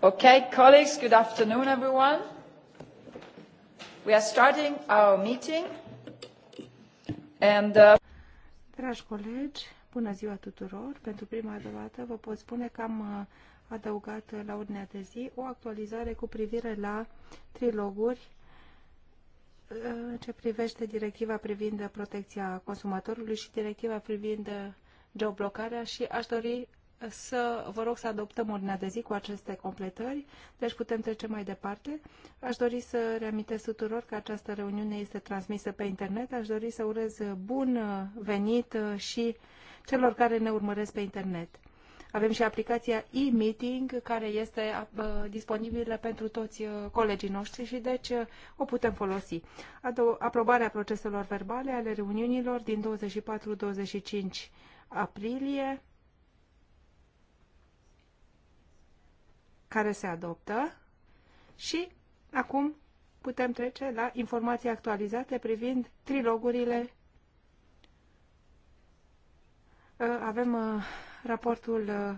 Okay, colleagues, good afternoon, everyone. We are starting our meeting. And, uh... Dragi colegi, bună ziua tuturor. Pentru prima dată vă pot spune că am uh, adăugat la ordinea de zi o actualizare cu privire la triloguri uh, ce privește directiva privind protecția consumatorului și directiva privind uh, geoblocarea și aș dori să vă rog să adoptăm ordinea de zi cu aceste completări, deci putem trece mai departe. Aș dori să reamintesc tuturor că această reuniune este transmisă pe internet. Aș dori să urez bun venit și celor care ne urmăresc pe internet. Avem și aplicația e-meeting care este uh, disponibilă pentru toți uh, colegii noștri și deci uh, o putem folosi. Aprobarea proceselor verbale ale reuniunilor din 24-25 aprilie care se adoptă și acum putem trece la informații actualizate privind trilogurile. Uh, avem uh, raportul uh,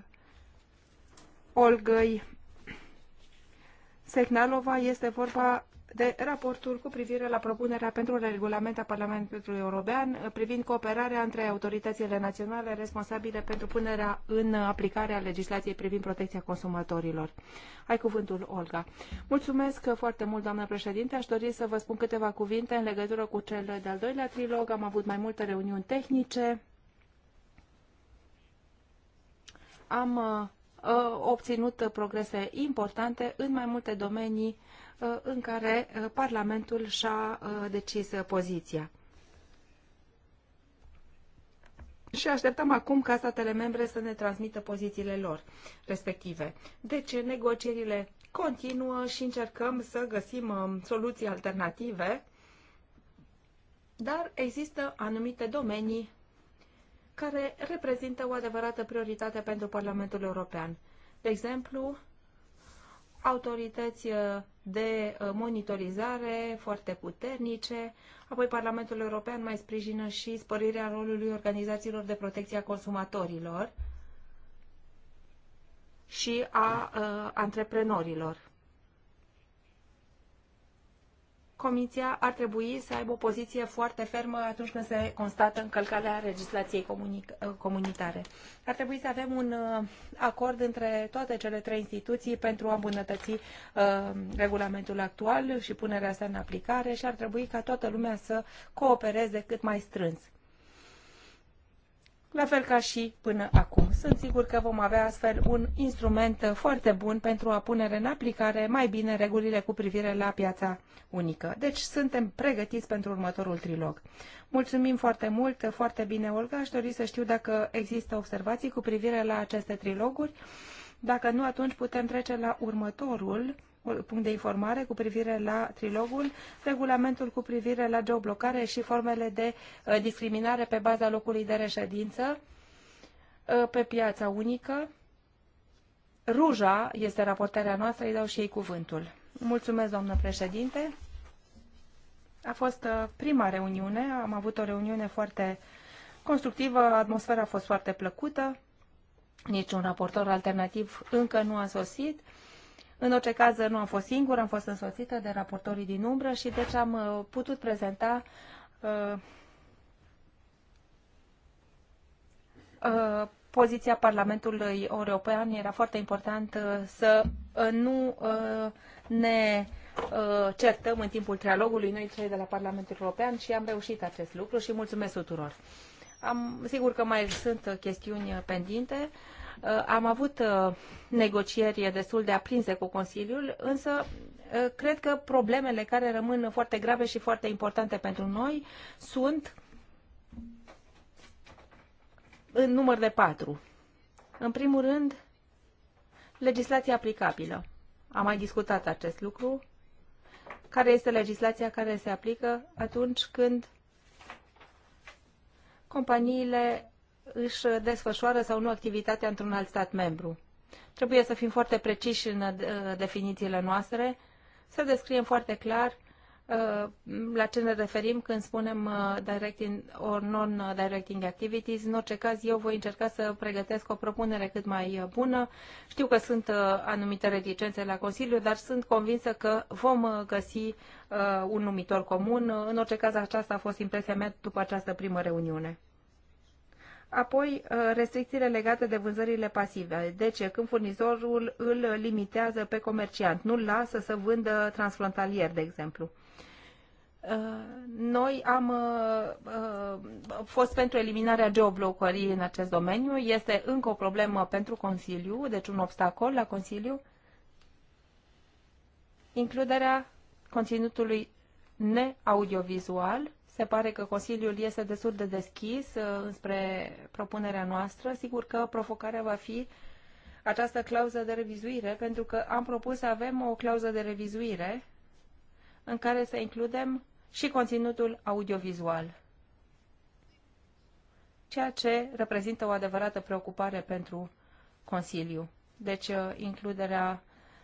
Olgăi Sechnalova, este vorba de raportul cu privire la propunerea pentru regulament a Parlamentului European privind cooperarea între autoritățile naționale responsabile pentru punerea în aplicare a legislației privind protecția consumatorilor. Ai cuvântul, Olga. Mulțumesc foarte mult, doamnă președinte. Aș dori să vă spun câteva cuvinte în legătură cu cel de-al doilea trilog. Am avut mai multe reuniuni tehnice. Am uh, obținut progrese importante în mai multe domenii Uh, în care uh, Parlamentul și-a uh, decis poziția. Și așteptăm acum ca statele membre să ne transmită pozițiile lor respective. Deci negocierile continuă și încercăm să găsim soluții alternative, dar există anumite domenii care reprezintă o adevărată prioritate pentru Parlamentul European. De exemplu, autorități uh, de uh, monitorizare foarte puternice. Apoi Parlamentul European mai sprijină și spărirea rolului organizațiilor de protecție a consumatorilor și a, a uh, antreprenorilor. Comisia ar trebui să aibă o poziție foarte fermă atunci când se constată încălcarea legislației comunitare. Ar trebui să avem un uh, acord între toate cele trei instituții pentru a îmbunătăți uh, regulamentul actual și punerea sa în aplicare și ar trebui ca toată lumea să coopereze cât mai strâns la fel ca și până acum. Sunt sigur că vom avea astfel un instrument foarte bun pentru a pune în aplicare mai bine regulile cu privire la piața unică. Deci suntem pregătiți pentru următorul trilog. Mulțumim foarte mult, foarte bine, Olga. Aș dori să știu dacă există observații cu privire la aceste triloguri. Dacă nu, atunci putem trece la următorul punct de informare cu privire la trilogul, regulamentul cu privire la geoblocare și formele de uh, discriminare pe baza locului de reședință uh, pe piața unică. Ruja este raportarea noastră, îi dau și ei cuvântul. Mulțumesc, doamnă președinte. A fost uh, prima reuniune, am avut o reuniune foarte constructivă, atmosfera a fost foarte plăcută, niciun raportor alternativ încă nu a sosit. În orice caz, nu am fost singură, am fost însoțită de raportorii din umbră și deci am uh, putut prezenta uh, uh, poziția Parlamentului European. Era foarte important uh, să nu ne certăm în timpul trialogului noi cei de la Parlamentul European și am reușit acest lucru și mulțumesc tuturor. Am, sigur că mai sunt chestiuni pendinte. Uh, am avut uh, negocieri destul de aprinse cu Consiliul, însă uh, cred că problemele care rămân foarte grave și foarte importante pentru noi sunt în număr de patru. În primul rând, legislația aplicabilă. Am mai discutat acest lucru. Care este legislația care se aplică atunci când companiile își desfășoară sau nu activitatea într-un alt stat membru. Trebuie să fim foarte preciși în uh, definițiile noastre, să descriem foarte clar uh, la ce ne referim când spunem uh, directing or non-directing activities. În orice caz, eu voi încerca să pregătesc o propunere cât mai bună. Știu că sunt anumite reticențe la Consiliu, dar sunt convinsă că vom găsi un numitor comun. În orice caz, aceasta a fost impresia mea după această primă reuniune. Apoi, uh, restricțiile legate de vânzările pasive. Deci, când furnizorul îl limitează pe comerciant, nu-l lasă să vândă transfrontalier, de exemplu. Uh, noi am uh, fost pentru eliminarea geoblocării în acest domeniu. Este încă o problemă pentru Consiliu, deci un obstacol la Consiliu. Includerea conținutului neaudiovizual se pare că Consiliul este destul de deschis uh, înspre propunerea noastră. Sigur că provocarea va fi această clauză de revizuire, pentru că am propus să avem o clauză de revizuire în care să includem și conținutul audiovizual, ceea ce reprezintă o adevărată preocupare pentru Consiliu. Deci, uh, includerea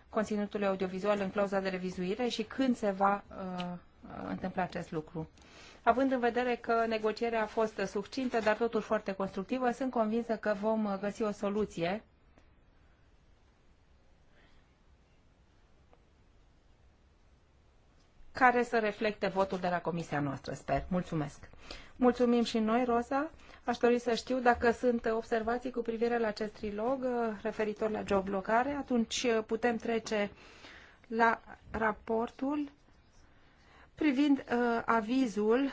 conținutului audiovizual în clauza de revizuire și când se va uh, uh întâmpla acest lucru. Având în vedere că negocierea a fost succintă, dar totuși foarte constructivă, sunt convinsă că vom găsi o soluție care să reflecte votul de la comisia noastră, sper. Mulțumesc. Mulțumim și noi, Rosa. Aș dori să știu dacă sunt observații cu privire la acest trilog uh, referitor la geoblocare. Atunci uh, putem trece la raportul privind uh, avizul,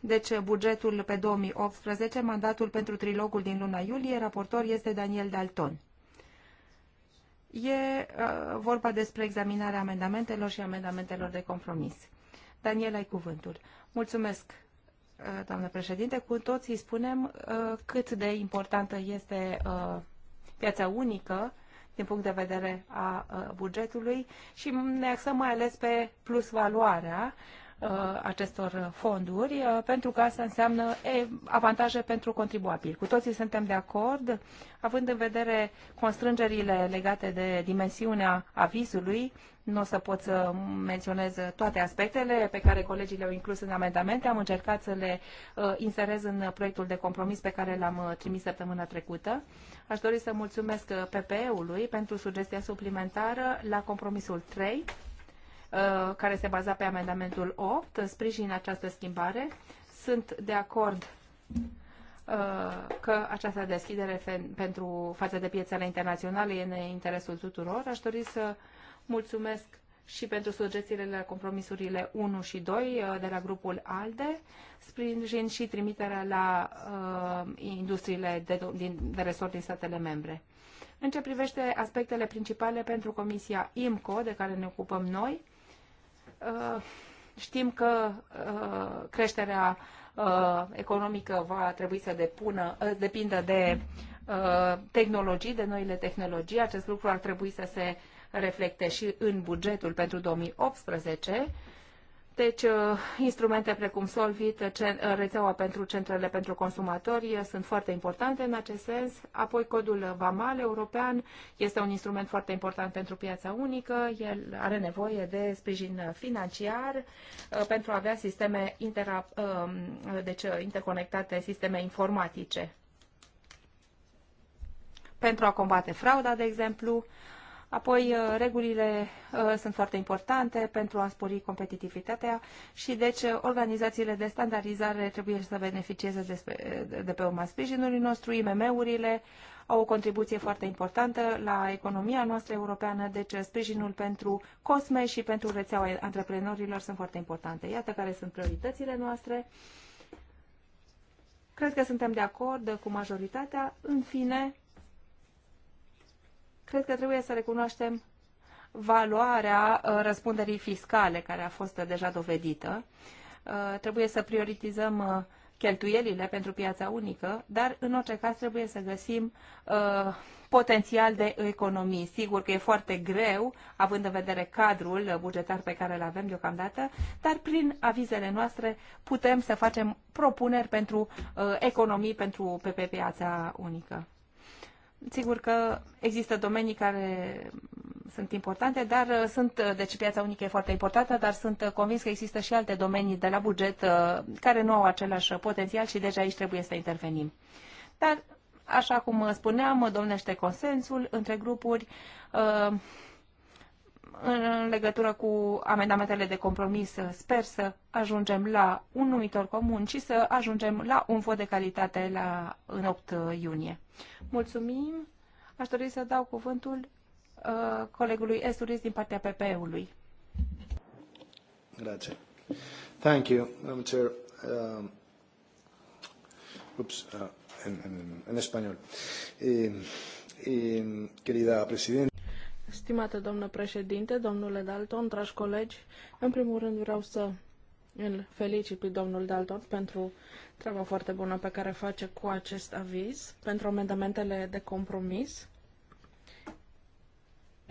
deci bugetul pe 2018, mandatul pentru trilogul din luna iulie, raportor este Daniel Dalton. E uh, vorba despre examinarea amendamentelor și amendamentelor de compromis. Daniel, ai cuvântul. Mulțumesc, uh, doamnă președinte. Cu toții spunem uh, cât de importantă este uh, piața unică din punct de vedere a bugetului și ne axăm mai ales pe plus valoarea Uh, acestor fonduri, uh, pentru că asta înseamnă avantaje pentru contribuabili. Cu toții suntem de acord, având în vedere constrângerile legate de dimensiunea avizului, nu o să pot să menționez toate aspectele pe care colegii le-au inclus în amendamente. Am încercat să le uh, inserez în proiectul de compromis pe care l-am trimis săptămâna trecută. Aș dori să mulțumesc PPE-ului pentru sugestia suplimentară la compromisul 3 Uh, care se baza pe amendamentul 8, sprijin această schimbare. Sunt de acord uh, că această deschidere pentru față de piețele internaționale e în interesul tuturor. Aș dori să mulțumesc și pentru sugestiile la compromisurile 1 și 2 uh, de la grupul ALDE, sprijin și trimiterea la uh, industriile de, din, de resort din statele membre. În ce privește aspectele principale pentru Comisia IMCO, de care ne ocupăm noi, Știm că uh, creșterea uh, economică va trebui să depună, uh, depindă de tehnologii, de noile tehnologii. Acest lucru ar trebui să se reflecte și în bugetul pentru 2018 deci, uh, instrumente precum Solvit, uh, uh, rețeaua pentru centrele pentru consumatori sunt foarte importante în acest sens. Apoi, codul VAMAL european este un instrument foarte important pentru piața unică. El are nevoie de sprijin financiar pentru a avea sisteme intera, deci, interconectate, sisteme informatice. Pentru a combate frauda, de exemplu, Apoi, uh, regulile uh, sunt foarte importante pentru a spori competitivitatea și, deci, uh, organizațiile de standardizare trebuie să beneficieze de pe urma sprijinului nostru. IMM-urile au o contribuție foarte importantă la economia noastră europeană, deci sprijinul pentru COSME și pentru rețeaua antreprenorilor sunt foarte importante. Iată care sunt prioritățile noastre. Cred că suntem de acord cu majoritatea. În fine, Cred că trebuie să recunoaștem valoarea uh, răspunderii fiscale care a fost uh, deja dovedită. Uh, trebuie să prioritizăm cheltuielile pentru piața unică, dar în orice caz trebuie să găsim potențial de economii. Sigur că e foarte greu, având în vedere cadrul bugetar pe care îl avem deocamdată, dar prin avizele noastre putem să facem propuneri pentru economii pentru pe, pe piața unică. Sigur că există domenii care sunt importante, dar uh, sunt, uh, deci piața unică e foarte importantă, dar sunt uh, convins că există și alte domenii de la buget care nu au același potențial și deja aici trebuie să intervenim. Dar, așa cum spuneam, domnește consensul între grupuri în legătură cu amendamentele de compromis, sper să ajungem la un numitor comun și să ajungem la un vot de calitate la, în 8 iunie. Mulțumim. Aș dori să dau cuvântul uh, colegului Esturis din partea PPE-ului. Grazie. Thank you, Madam Chair. Um, oops. ups, uh, en, en, en español. Eh, eh, querida Presidenta. Stimată doamnă președinte, domnule Dalton, dragi colegi, în primul rând vreau să îl felicit pe domnul Dalton pentru treaba foarte bună pe care face cu acest aviz, pentru amendamentele de compromis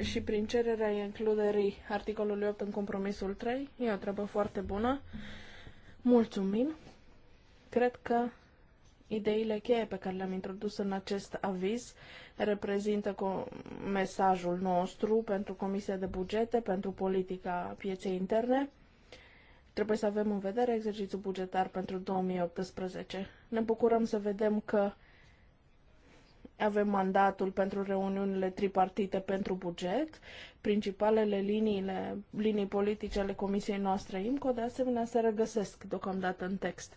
și prin cererea includerii articolului 8 în compromisul 3. E o treabă foarte bună. Mulțumim. Cred că Ideile cheie pe care le-am introdus în acest aviz reprezintă mesajul nostru pentru Comisia de Bugete, pentru politica pieței interne. Trebuie să avem în vedere exercițiul bugetar pentru 2018. Ne bucurăm să vedem că avem mandatul pentru reuniunile tripartite pentru buget, principalele liniile, linii politice ale comisiei noastre IMCO, de asemenea se regăsesc deocamdată în text.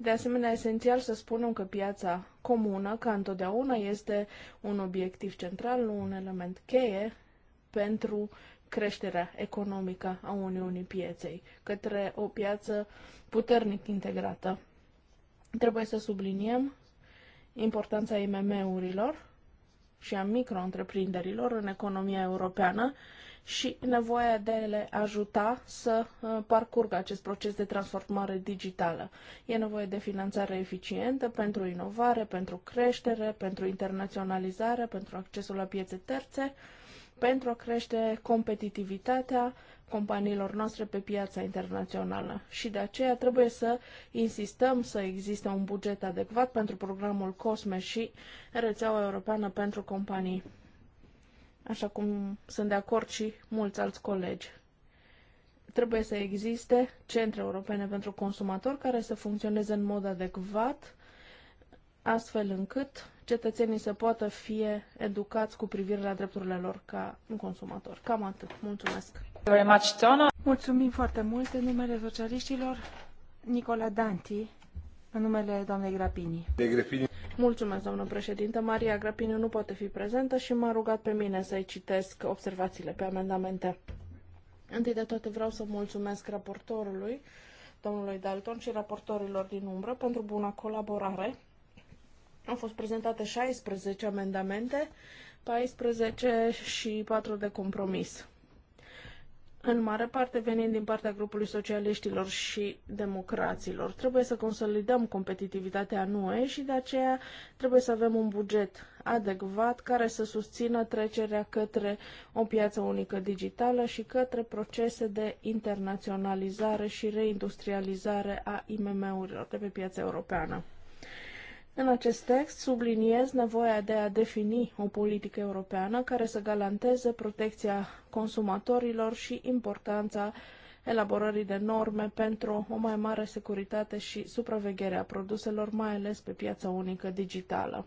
De asemenea, esențial să spunem că piața comună, ca întotdeauna, este un obiectiv central, un element cheie pentru creșterea economică a Uniunii pieței către o piață puternic integrată. Trebuie să subliniem importanța IMM-urilor și a micro-întreprinderilor în economia europeană și nevoia de a le ajuta să uh, parcurgă acest proces de transformare digitală. E nevoie de finanțare eficientă pentru inovare, pentru creștere, pentru internaționalizare, pentru accesul la piețe terțe, pentru a crește competitivitatea companiilor noastre pe piața internațională. Și de aceea trebuie să insistăm să existe un buget adecvat pentru programul COSME și rețeaua europeană pentru companii așa cum sunt de acord și mulți alți colegi. Trebuie să existe centre europene pentru consumatori care să funcționeze în mod adecvat, astfel încât cetățenii să poată fi educați cu privire la drepturile lor ca consumator. Cam atât. Mulțumesc. Mulțumim foarte mult în numele socialiștilor. Nicola Danti în numele doamnei Grapini. De Grapini. Mulțumesc, doamnă președintă. Maria Grapini nu poate fi prezentă și m-a rugat pe mine să-i citesc observațiile pe amendamente. Întâi de toate vreau să mulțumesc raportorului, domnului Dalton și raportorilor din umbră pentru buna colaborare. Au fost prezentate 16 amendamente, 14 și 4 de compromis în mare parte venind din partea grupului socialiștilor și democraților. Trebuie să consolidăm competitivitatea NUE și de aceea trebuie să avem un buget adecvat care să susțină trecerea către o piață unică digitală și către procese de internaționalizare și reindustrializare a IMM-urilor de pe piața europeană. În acest text subliniez nevoia de a defini o politică europeană care să garanteze protecția consumatorilor și importanța elaborării de norme pentru o mai mare securitate și supraveghere a produselor, mai ales pe piața unică digitală.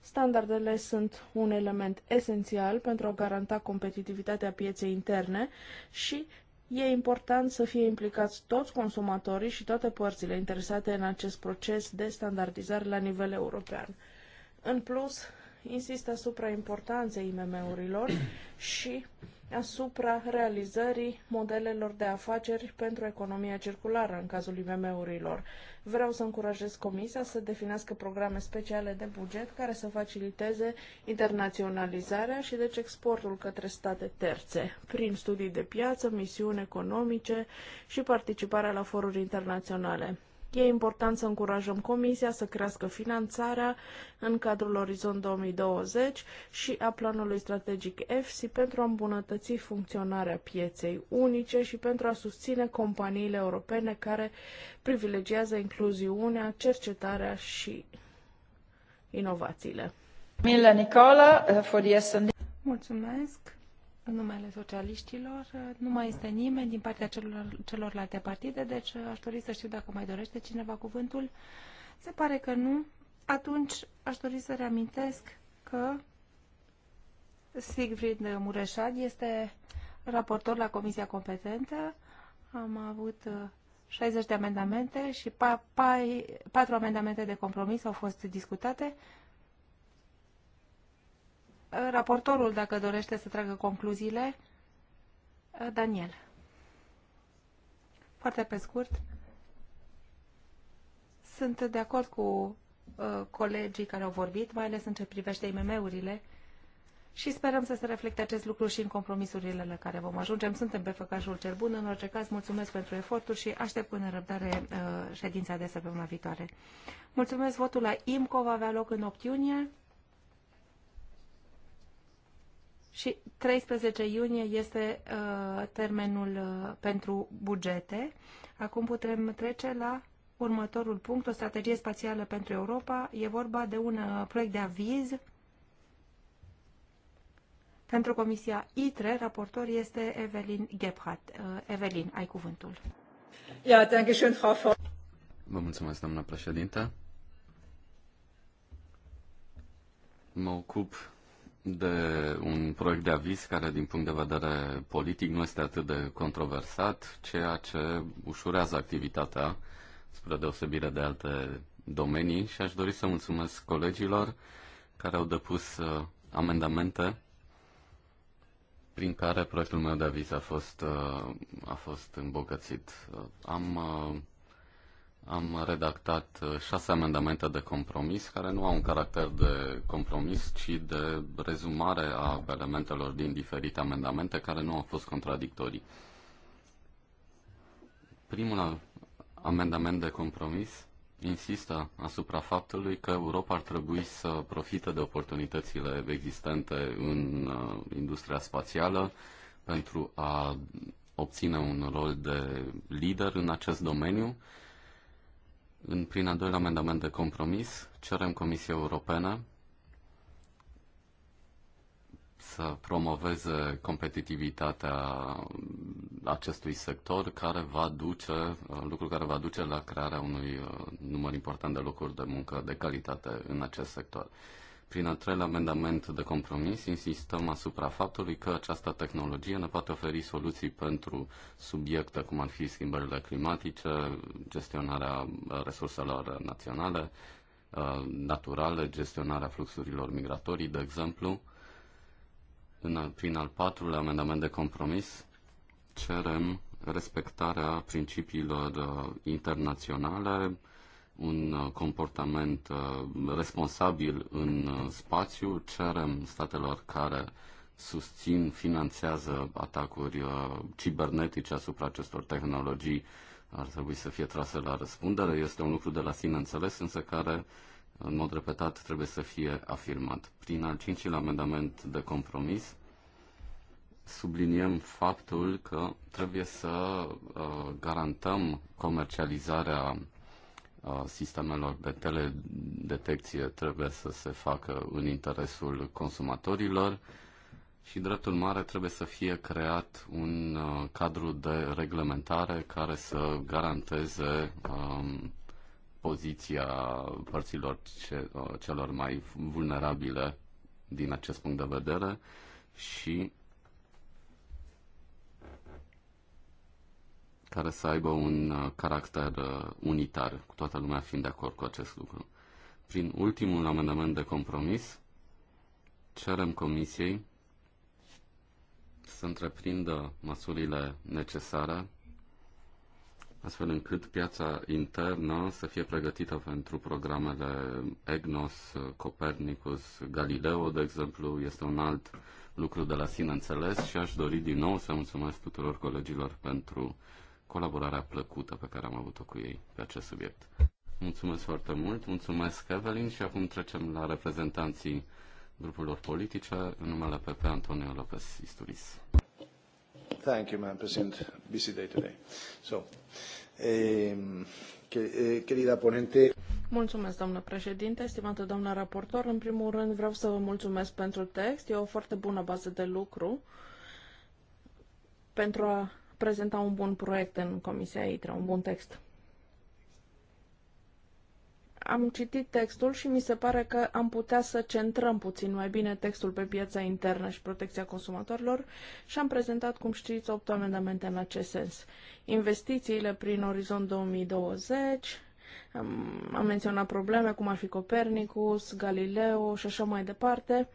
Standardele sunt un element esențial pentru a garanta competitivitatea pieței interne și E important să fie implicați toți consumatorii și toate părțile interesate în acest proces de standardizare la nivel european. În plus, insist asupra importanței IMM-urilor și asupra realizării modelelor de afaceri pentru economia circulară în cazul IMM-urilor. Vreau să încurajez Comisia să definească programe speciale de buget care să faciliteze internaționalizarea și deci exportul către state terțe, prin studii de piață, misiuni economice și participarea la foruri internaționale. E important să încurajăm Comisia să crească finanțarea în cadrul Orizont 2020 și a planului strategic EFSI pentru a îmbunătăți funcționarea pieței unice și pentru a susține companiile europene care privilegiază incluziunea, cercetarea și inovațiile. Mila Nicola, uh, for the Mulțumesc în numele socialiștilor. Nu mai este nimeni din partea celor, celorlalte partide, deci uh, aș dori să știu dacă mai dorește cineva cuvântul. Se pare că nu. Atunci aș dori să reamintesc că Siegfried Mureșad este raportor la Comisia Competentă. Am avut 60 uh, de amendamente și 4 amendamente de compromis au fost discutate. Raportorul, dacă dorește să tragă concluziile, Daniel. Foarte pe scurt, sunt de acord cu uh, colegii care au vorbit, mai ales în ce privește IMM-urile și sperăm să se reflecte acest lucru și în compromisurile la care vom ajunge. Suntem pe făcașul cel bun. În orice caz, mulțumesc pentru eforturi și aștept cu nerăbdare uh, ședința de săptămâna viitoare. Mulțumesc. Votul la IMCO va avea loc în 8 iunie. și 13 iunie este uh, termenul uh, pentru bugete. Acum putem trece la următorul punct, o strategie spațială pentru Europa. E vorba de un uh, proiect de aviz pentru Comisia ITRE. Raportor este Evelyn Gebhardt. Uh, Evelyn, ai cuvântul. Ja, danke schön, Frau Vă mulțumesc, doamna președintă. Mă ocup de un proiect de aviz care, din punct de vedere politic, nu este atât de controversat, ceea ce ușurează activitatea, spre deosebire de alte domenii, și aș dori să mulțumesc colegilor care au depus uh, amendamente prin care proiectul meu de aviz a fost, uh, a fost îmbogățit. Uh, am am redactat uh, șase amendamente de compromis care nu au un caracter de compromis, ci de rezumare a elementelor din diferite amendamente care nu au fost contradictorii. Primul amendament de compromis insistă asupra faptului că Europa ar trebui să profite de oportunitățile existente în uh, industria spațială pentru a obține un rol de lider în acest domeniu în prin al doilea amendament de compromis, cerem Comisiei Europene să promoveze competitivitatea acestui sector care va duce, lucru care va duce la crearea unui uh, număr important de locuri de muncă de calitate în acest sector. Prin al treilea amendament de compromis insistăm asupra faptului că această tehnologie ne poate oferi soluții pentru subiecte cum ar fi schimbările climatice, gestionarea resurselor naționale, uh, naturale, gestionarea fluxurilor migratorii, de exemplu. În al, prin al patrulea amendament de compromis cerem respectarea principiilor uh, internaționale, un uh, comportament uh, responsabil în uh, spațiu, cerem statelor care susțin, finanțează atacuri cibernetice asupra acestor tehnologii ar trebui să fie trase la răspundere. Este un lucru de la sine înțeles, însă care, în mod repetat, trebuie să fie afirmat. Prin al cincilea amendament de compromis, subliniem faptul că trebuie să garantăm comercializarea sistemelor de teledetecție trebuie să se facă în interesul consumatorilor și, drept urmare, trebuie să fie creat un uh, cadru de reglementare care să garanteze um, poziția părților ce, uh, celor mai vulnerabile din acest punct de vedere și care să aibă un uh, caracter uh, unitar, cu toată lumea fiind de acord cu acest lucru. Prin ultimul amendament de compromis, cerem Comisiei să întreprindă măsurile necesare astfel încât piața internă să fie pregătită pentru programele EGNOS, Copernicus, Galileo, de exemplu, este un alt lucru de la sine înțeles și aș dori din nou să mulțumesc tuturor colegilor pentru colaborarea plăcută pe care am avut-o cu ei pe acest subiect. Mulțumesc foarte mult, mulțumesc Evelyn și acum trecem la reprezentanții grupurilor politice, în numele PP Antonio Lopez Isturis. Thank you, Madam President, busy day today. So, um... querida ponente... Mulțumesc, doamnă președinte, estimată doamnă raportor. În primul rând vreau să vă mulțumesc pentru text. E o foarte bună bază de lucru pentru a prezenta un bun proiect în Comisia ITRE, un bun text. Am citit textul și mi se pare că am putea să centrăm puțin mai bine textul pe piața internă și protecția consumatorilor și am prezentat, cum știți, 8 amendamente în acest sens. Investițiile prin Orizont 2020, am menționat probleme cum ar fi Copernicus, Galileo și așa mai departe,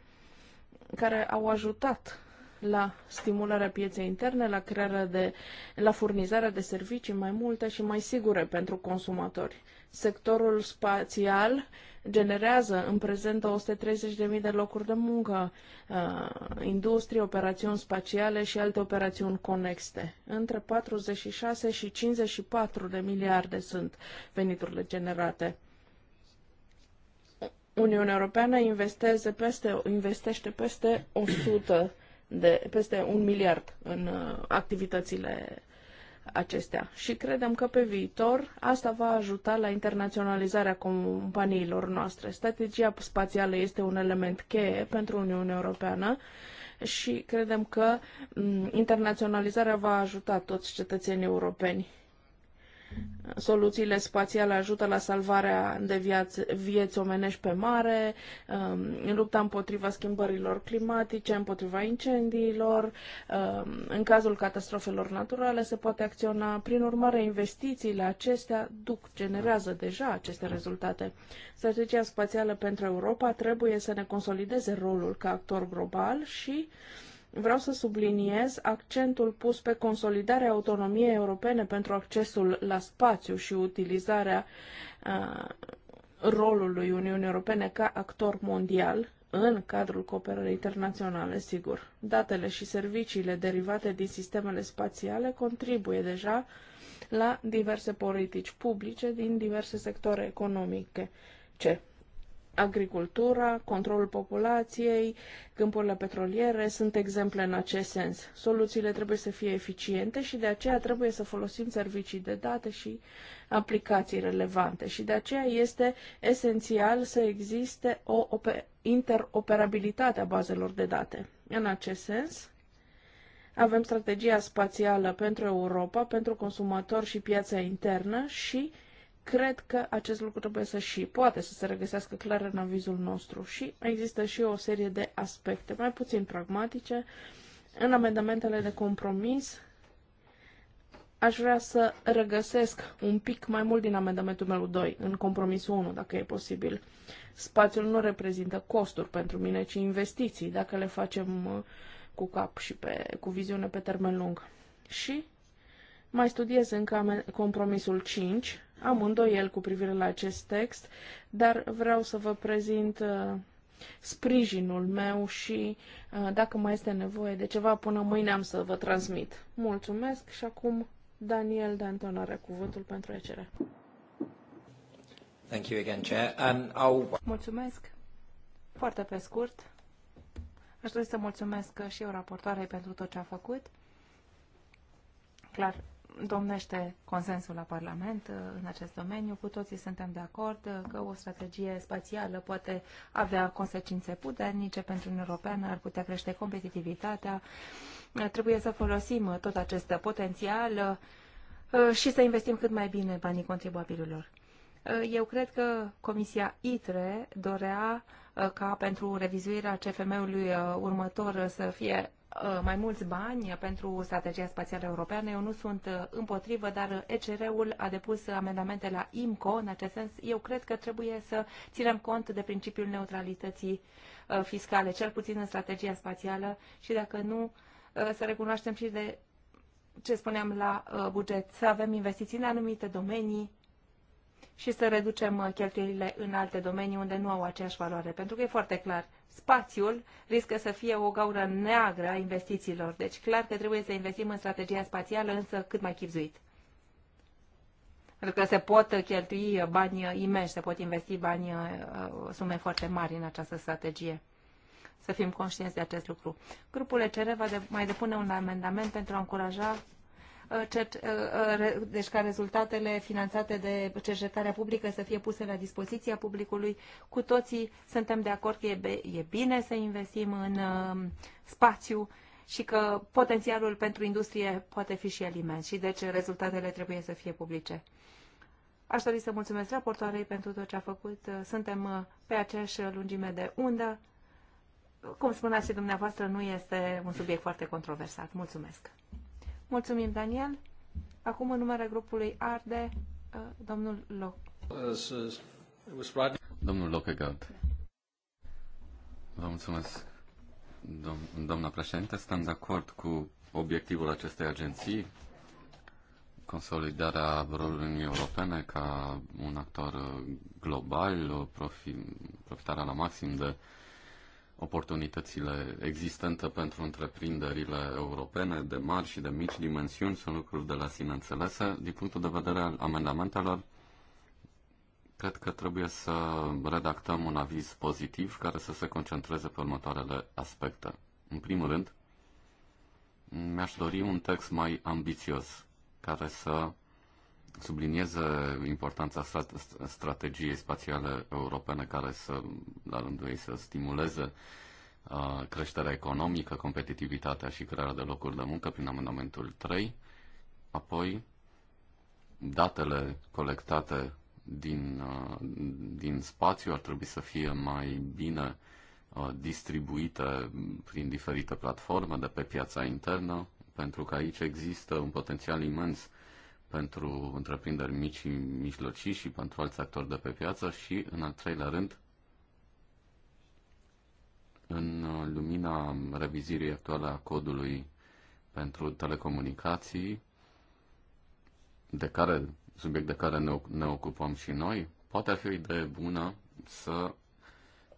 care au ajutat la stimularea pieței interne, la crearea de, la furnizarea de servicii mai multe și mai sigure pentru consumatori. Sectorul spațial generează în prezent 130.000 de locuri de muncă, uh, industrie, operațiuni spațiale și alte operațiuni conexe. Între 46 și 54 de miliarde sunt veniturile generate. Uniunea Europeană peste, investește peste 100 de peste un miliard în uh, activitățile acestea. Și credem că pe viitor asta va ajuta la internaționalizarea companiilor noastre. Strategia spațială este un element cheie pentru Uniunea Europeană și credem că mm, internaționalizarea va ajuta toți cetățenii europeni Soluțiile spațiale ajută la salvarea de viață, vieți omenești pe mare, um, în lupta împotriva schimbărilor climatice, împotriva incendiilor, um, în cazul catastrofelor naturale se poate acționa. Prin urmare, investițiile acestea duc, generează deja aceste rezultate. Strategia spațială pentru Europa trebuie să ne consolideze rolul ca actor global și uh, Vreau să subliniez accentul pus pe consolidarea autonomiei europene pentru accesul la spațiu și utilizarea rolului Uniunii Europene ca actor mondial în cadrul cooperării internaționale, sigur. Datele și serviciile derivate din sistemele spațiale contribuie deja la diverse politici publice din diverse sectoare economice. Ce? Agricultura, controlul populației, câmpurile petroliere sunt exemple în acest sens. Soluțiile trebuie să fie eficiente și de aceea trebuie să folosim servicii de date și aplicații relevante și de aceea este esențial să existe o interoperabilitate a bazelor de date. În acest sens, avem strategia spațială pentru Europa, pentru consumator și piața internă și Cred că acest lucru trebuie să și poate să se regăsească clar în avizul nostru și există și o serie de aspecte mai puțin pragmatice. În amendamentele de compromis aș vrea să regăsesc un pic mai mult din amendamentul meu 2, în compromisul 1, dacă e posibil. Spațiul nu reprezintă costuri pentru mine, ci investiții, dacă le facem uh, cu cap și pe, cu viziune pe termen lung. Și mai studiez încă compromisul 5, am el cu privire la acest text, dar vreau să vă prezint uh, sprijinul meu și uh, dacă mai este nevoie de ceva, până mâine am să vă transmit. Mulțumesc și acum Daniel Danton are cuvântul pentru a Thank you again, Chair. And um, I'll... Mulțumesc. Foarte pe scurt. Aș dori să mulțumesc și eu raportoarei pentru tot ce a făcut. Clar, domnește consensul la Parlament uh, în acest domeniu. Cu toții suntem de acord uh, că o strategie spațială poate avea consecințe puternice pentru Uniunea Europeană, ar putea crește competitivitatea. Uh, trebuie să folosim tot acest potențial și să investim cât mai bine banii contribuabililor. Eu cred că Comisia ITRE dorea ca pentru revizuirea CFM-ului următor să fie Uh, mai mulți bani pentru strategia spațială europeană. Eu nu sunt uh, împotrivă, dar ECR-ul a depus amendamente la IMCO. În acest sens, eu cred că trebuie să ținem cont de principiul neutralității uh, fiscale, cel puțin în strategia spațială și dacă nu, să recunoaștem și de ce spuneam la buget, să avem investiții în anumite domenii și să reducem uh, cheltuielile în alte domenii unde nu au aceeași valoare. Pentru că e foarte clar, spațiul riscă să fie o gaură neagră a investițiilor. Deci clar că trebuie să investim în strategia spațială, însă cât mai chipzuit. Pentru că se pot cheltui uh, bani uh, imensi, se pot investi bani, sume foarte mari în această strategie. Să fim conștienți de acest lucru. Grupul ECR va de, mai depune un amendament pentru a încuraja Uh, uh, uh, deci ca rezultatele finanțate de cercetarea publică să fie puse la dispoziția publicului. Cu toții suntem de acord că e bine să investim în um, spațiu și că potențialul pentru industrie poate fi și el imens și deci rezultatele trebuie să fie publice. Aș dori să mulțumesc raportoarei pentru tot ce a făcut. Suntem pe aceeași lungime de undă. Cum spuneați și dumneavoastră, nu este un subiect foarte controversat. Mulțumesc! Mulțumim, Daniel. Acum, în numele grupului ARDE, uh, domnul Loc. Domnul Lockegaard. Vă mulțumesc, dom- doamna președinte. Stăm de acord cu obiectivul acestei agenții, consolidarea rolului Uniunii Europene ca un actor global, profi, profitarea la maxim de oportunitățile existente pentru întreprinderile europene de mari și de mici dimensiuni sunt lucruri de la sine înțelese. Din punctul de vedere al amendamentelor, cred că trebuie să redactăm un aviz pozitiv care să se concentreze pe următoarele aspecte. În primul rând, mi-aș dori un text mai ambițios, care să subliniez importanța strategiei spațiale europene care să, la rândul ei, să stimuleze uh, creșterea economică, competitivitatea și crearea de locuri de muncă prin amendamentul 3, apoi datele colectate din, uh, din spațiu ar trebui să fie mai bine uh, distribuite prin diferite platforme de pe piața internă, pentru că aici există un potențial imens pentru întreprinderi mici și mijlocii și pentru alți actori de pe piață și, în al treilea rând, în lumina revizirii actuale a codului pentru telecomunicații, de care, subiect de care ne, ne ocupăm și noi, poate ar fi o idee bună să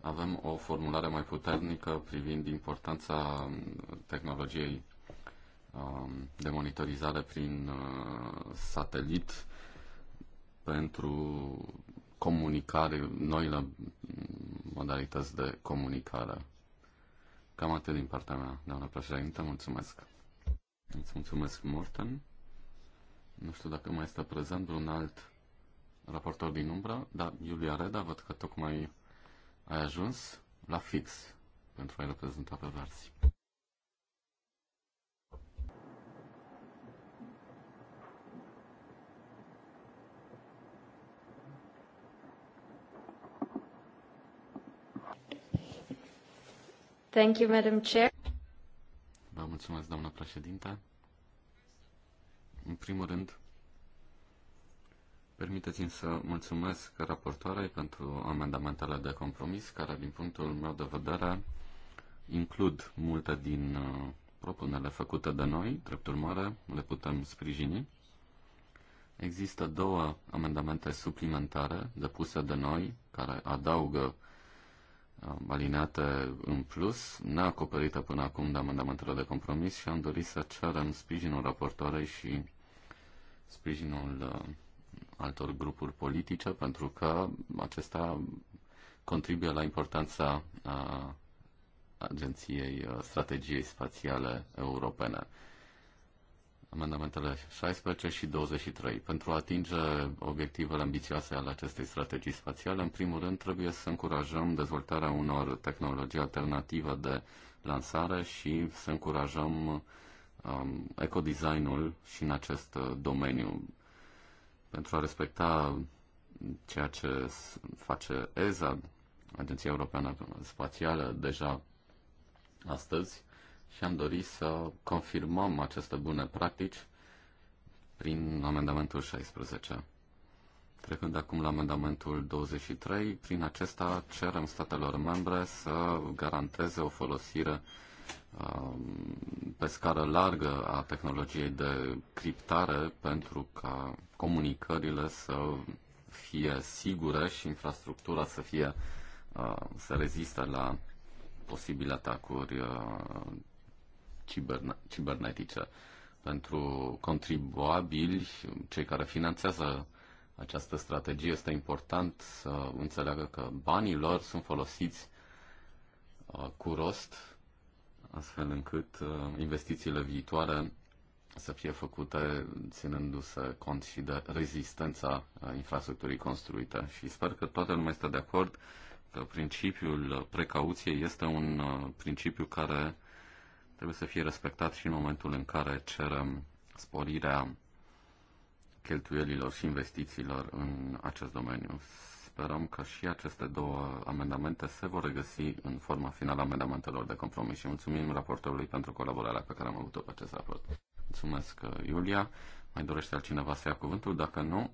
avem o formulare mai puternică privind importanța tehnologiei Um, de monitorizare prin uh, satelit pentru comunicare, noile modalități de comunicare. Cam atât din partea mea, doamna președinte, mulțumesc. Îți mulțumesc, Morten. Nu știu dacă mai este prezent un alt raportor din umbră, dar Iulia Reda, văd că tocmai ai ajuns la fix pentru a-i reprezenta pe versi. Thank you, Madam Chair. Vă mulțumesc, doamnă președinte. În primul rând, permiteți-mi să mulțumesc raportoarei pentru amendamentele de compromis, care, din punctul meu de vedere, includ multe din uh, propunerile făcute de noi, drept urmare, le putem sprijini. Există două amendamente suplimentare depuse de noi, care adaugă alinate în plus, neacoperită până acum de amendamentele de compromis și am dorit să cerem sprijinul raportoarei și sprijinul uh, altor grupuri politice, pentru că acesta contribuie la importanța a uh, Agenției uh, Strategiei Spațiale Europene amendamentele 16 și 23. Pentru a atinge obiectivele ambițioase ale acestei strategii spațiale, în primul rând trebuie să încurajăm dezvoltarea unor tehnologii alternative de lansare și să încurajăm um, ecodesignul și în acest domeniu. Pentru a respecta ceea ce face ESA, Agenția Europeană Spațială, deja astăzi, și am dorit să confirmăm aceste bune practici prin amendamentul 16. Trecând acum la amendamentul 23, prin acesta cerem statelor membre să garanteze o folosire um, pe scară largă a tehnologiei de criptare pentru ca comunicările să fie sigure și infrastructura să fie uh, să reziste la posibile atacuri uh, cibernetice. Pentru contribuabili, cei care finanțează această strategie, este important să înțeleagă că banii lor sunt folosiți uh, cu rost, astfel încât uh, investițiile viitoare să fie făcute ținându-se cont și de rezistența uh, infrastructurii construite. Și sper că toată lumea este de acord că principiul precauției este un principiu care trebuie să fie respectat și în momentul în care cerem sporirea cheltuielilor și investițiilor în acest domeniu. Sperăm că și aceste două amendamente se vor regăsi în forma finală a amendamentelor de compromis și mulțumim raportorului pentru colaborarea pe care am avut-o pe acest raport. Mulțumesc, Iulia. Mai dorește altcineva să ia cuvântul? Dacă nu,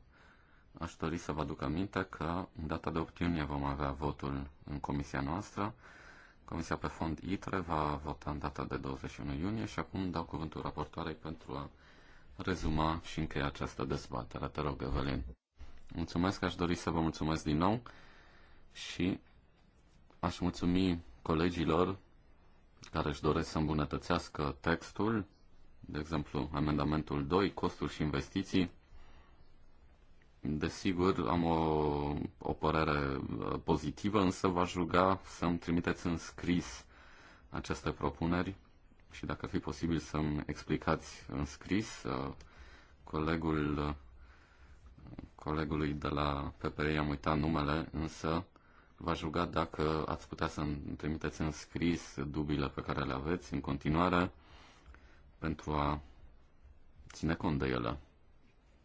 aș dori să vă aduc aminte că în data de 8 iunie vom avea votul în comisia noastră Comisia pe fond ITRE va vota în data de 21 iunie și acum dau cuvântul raportoarei pentru a rezuma și încheia această dezbatere. Te rog, Evelin. Mulțumesc, aș dori să vă mulțumesc din nou și aș mulțumi colegilor care își doresc să îmbunătățească textul, de exemplu, amendamentul 2, costul și investiții, Desigur, am o, o părere uh, pozitivă, însă v-aș ruga să-mi trimiteți în scris aceste propuneri și dacă ar fi posibil să-mi explicați în scris, uh, colegul, uh, colegului de la PPR am uitat numele, însă v-aș ruga dacă ați putea să-mi trimiteți în scris dubiile pe care le aveți în continuare pentru a ține cont de ele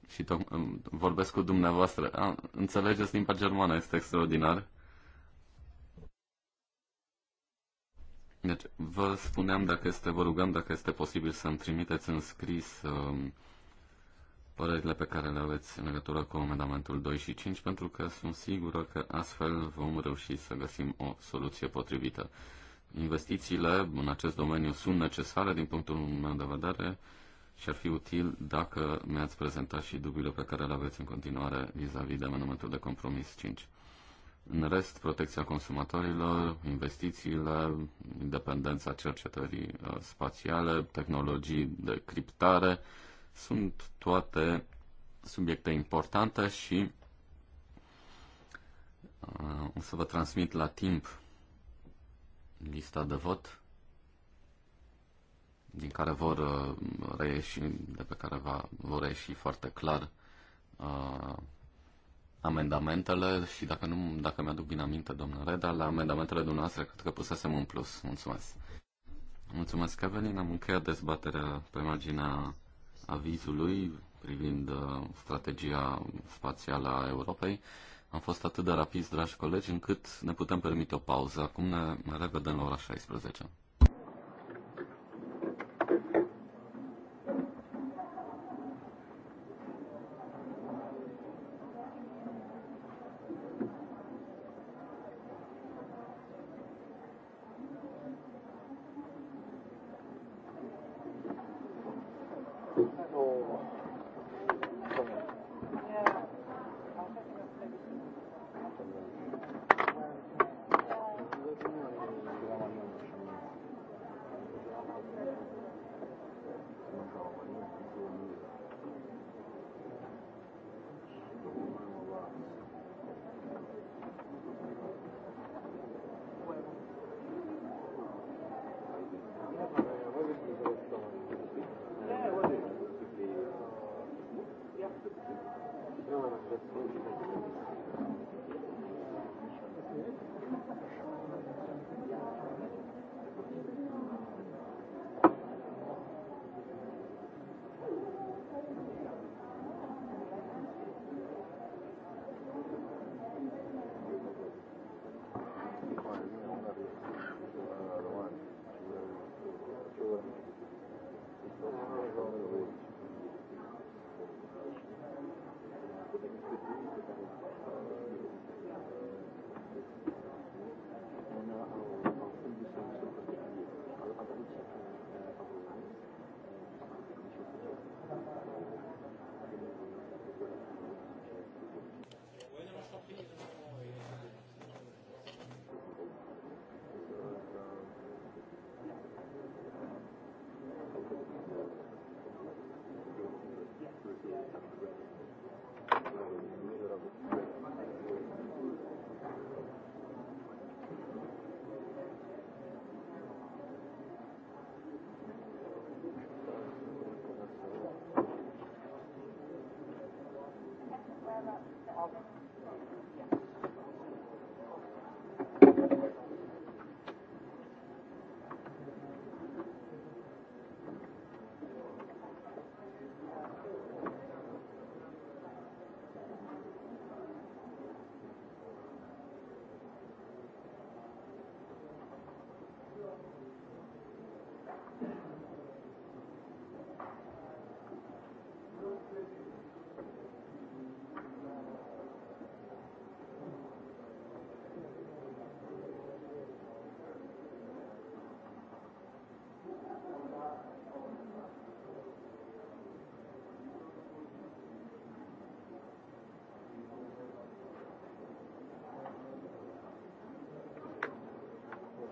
și to- vorbesc cu dumneavoastră. A, înțelegeți limba germană, este extraordinar. Deci, vă spuneam dacă este, vă rugăm dacă este posibil să-mi trimiteți în scris um, părerile pe care le aveți în legătură cu amendamentul 2 și 5, pentru că sunt sigură că astfel vom reuși să găsim o soluție potrivită. Investițiile în acest domeniu sunt necesare din punctul meu de vedere și ar fi util dacă mi-ați prezentat și dubiile pe care le aveți în continuare vis-a-vis -vis de amendamentul de compromis 5. În rest, protecția consumatorilor, investițiile, independența cercetării uh, spațiale, tehnologii de criptare, sunt toate subiecte importante și uh, o să vă transmit la timp lista de vot din care vor uh, reieși, de pe care va, vor reieși foarte clar uh, amendamentele și dacă nu, dacă mi-aduc bine aminte, domnul Reda, la amendamentele dumneavoastră cred că pusesem un plus. Mulțumesc. Mulțumesc, Evelyn. Am încheiat dezbaterea pe marginea avizului privind uh, strategia spațială a Europei. Am fost atât de rapizi, dragi colegi, încât ne putem permite o pauză. Acum ne revedem la ora 16.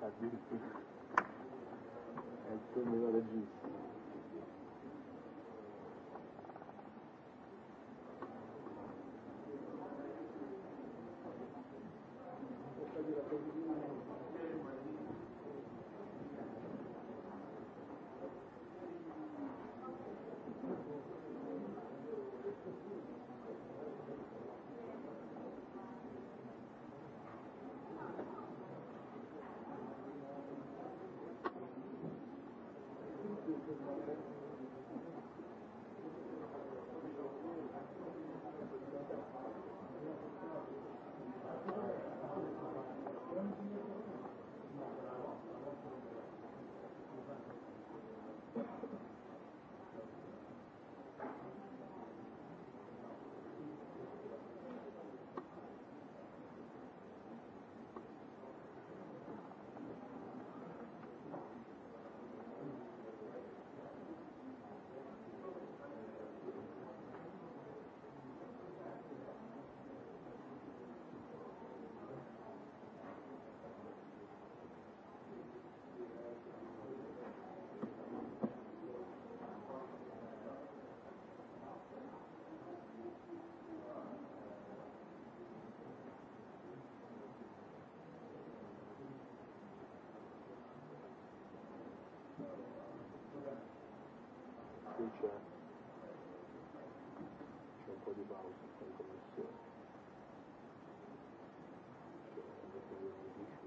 Addirittura. È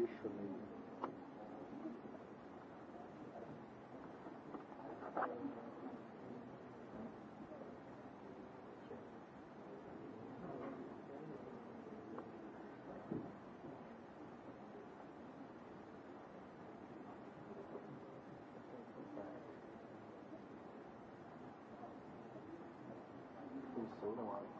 повешенный. Thank you.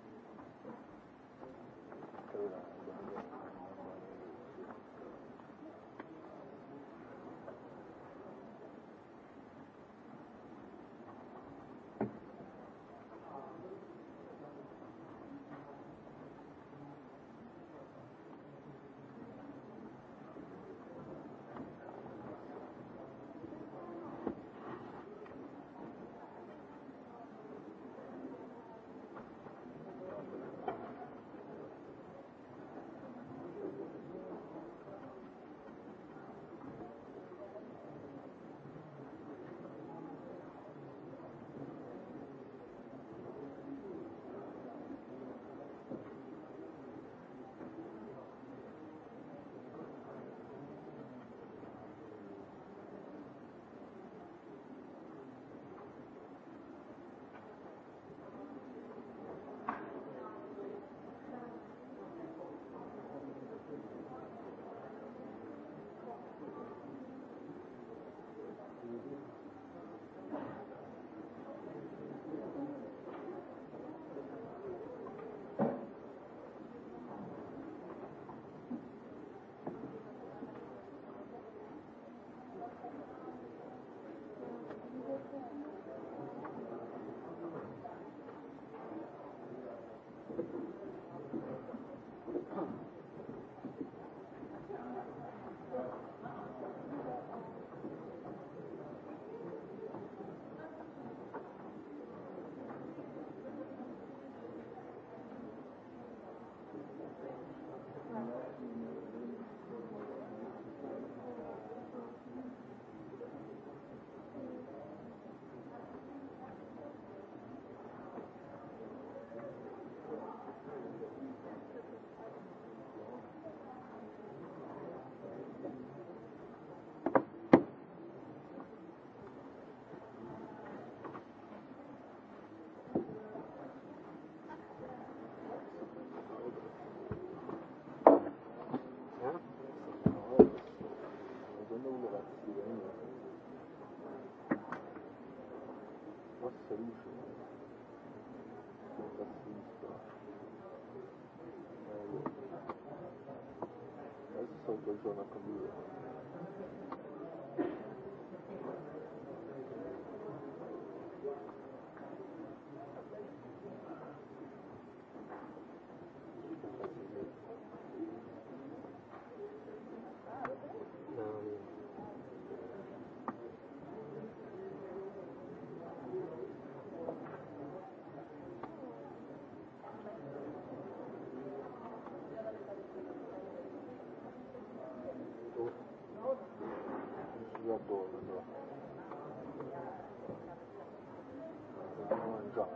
Asta este o persoană la două. Da. În joacă.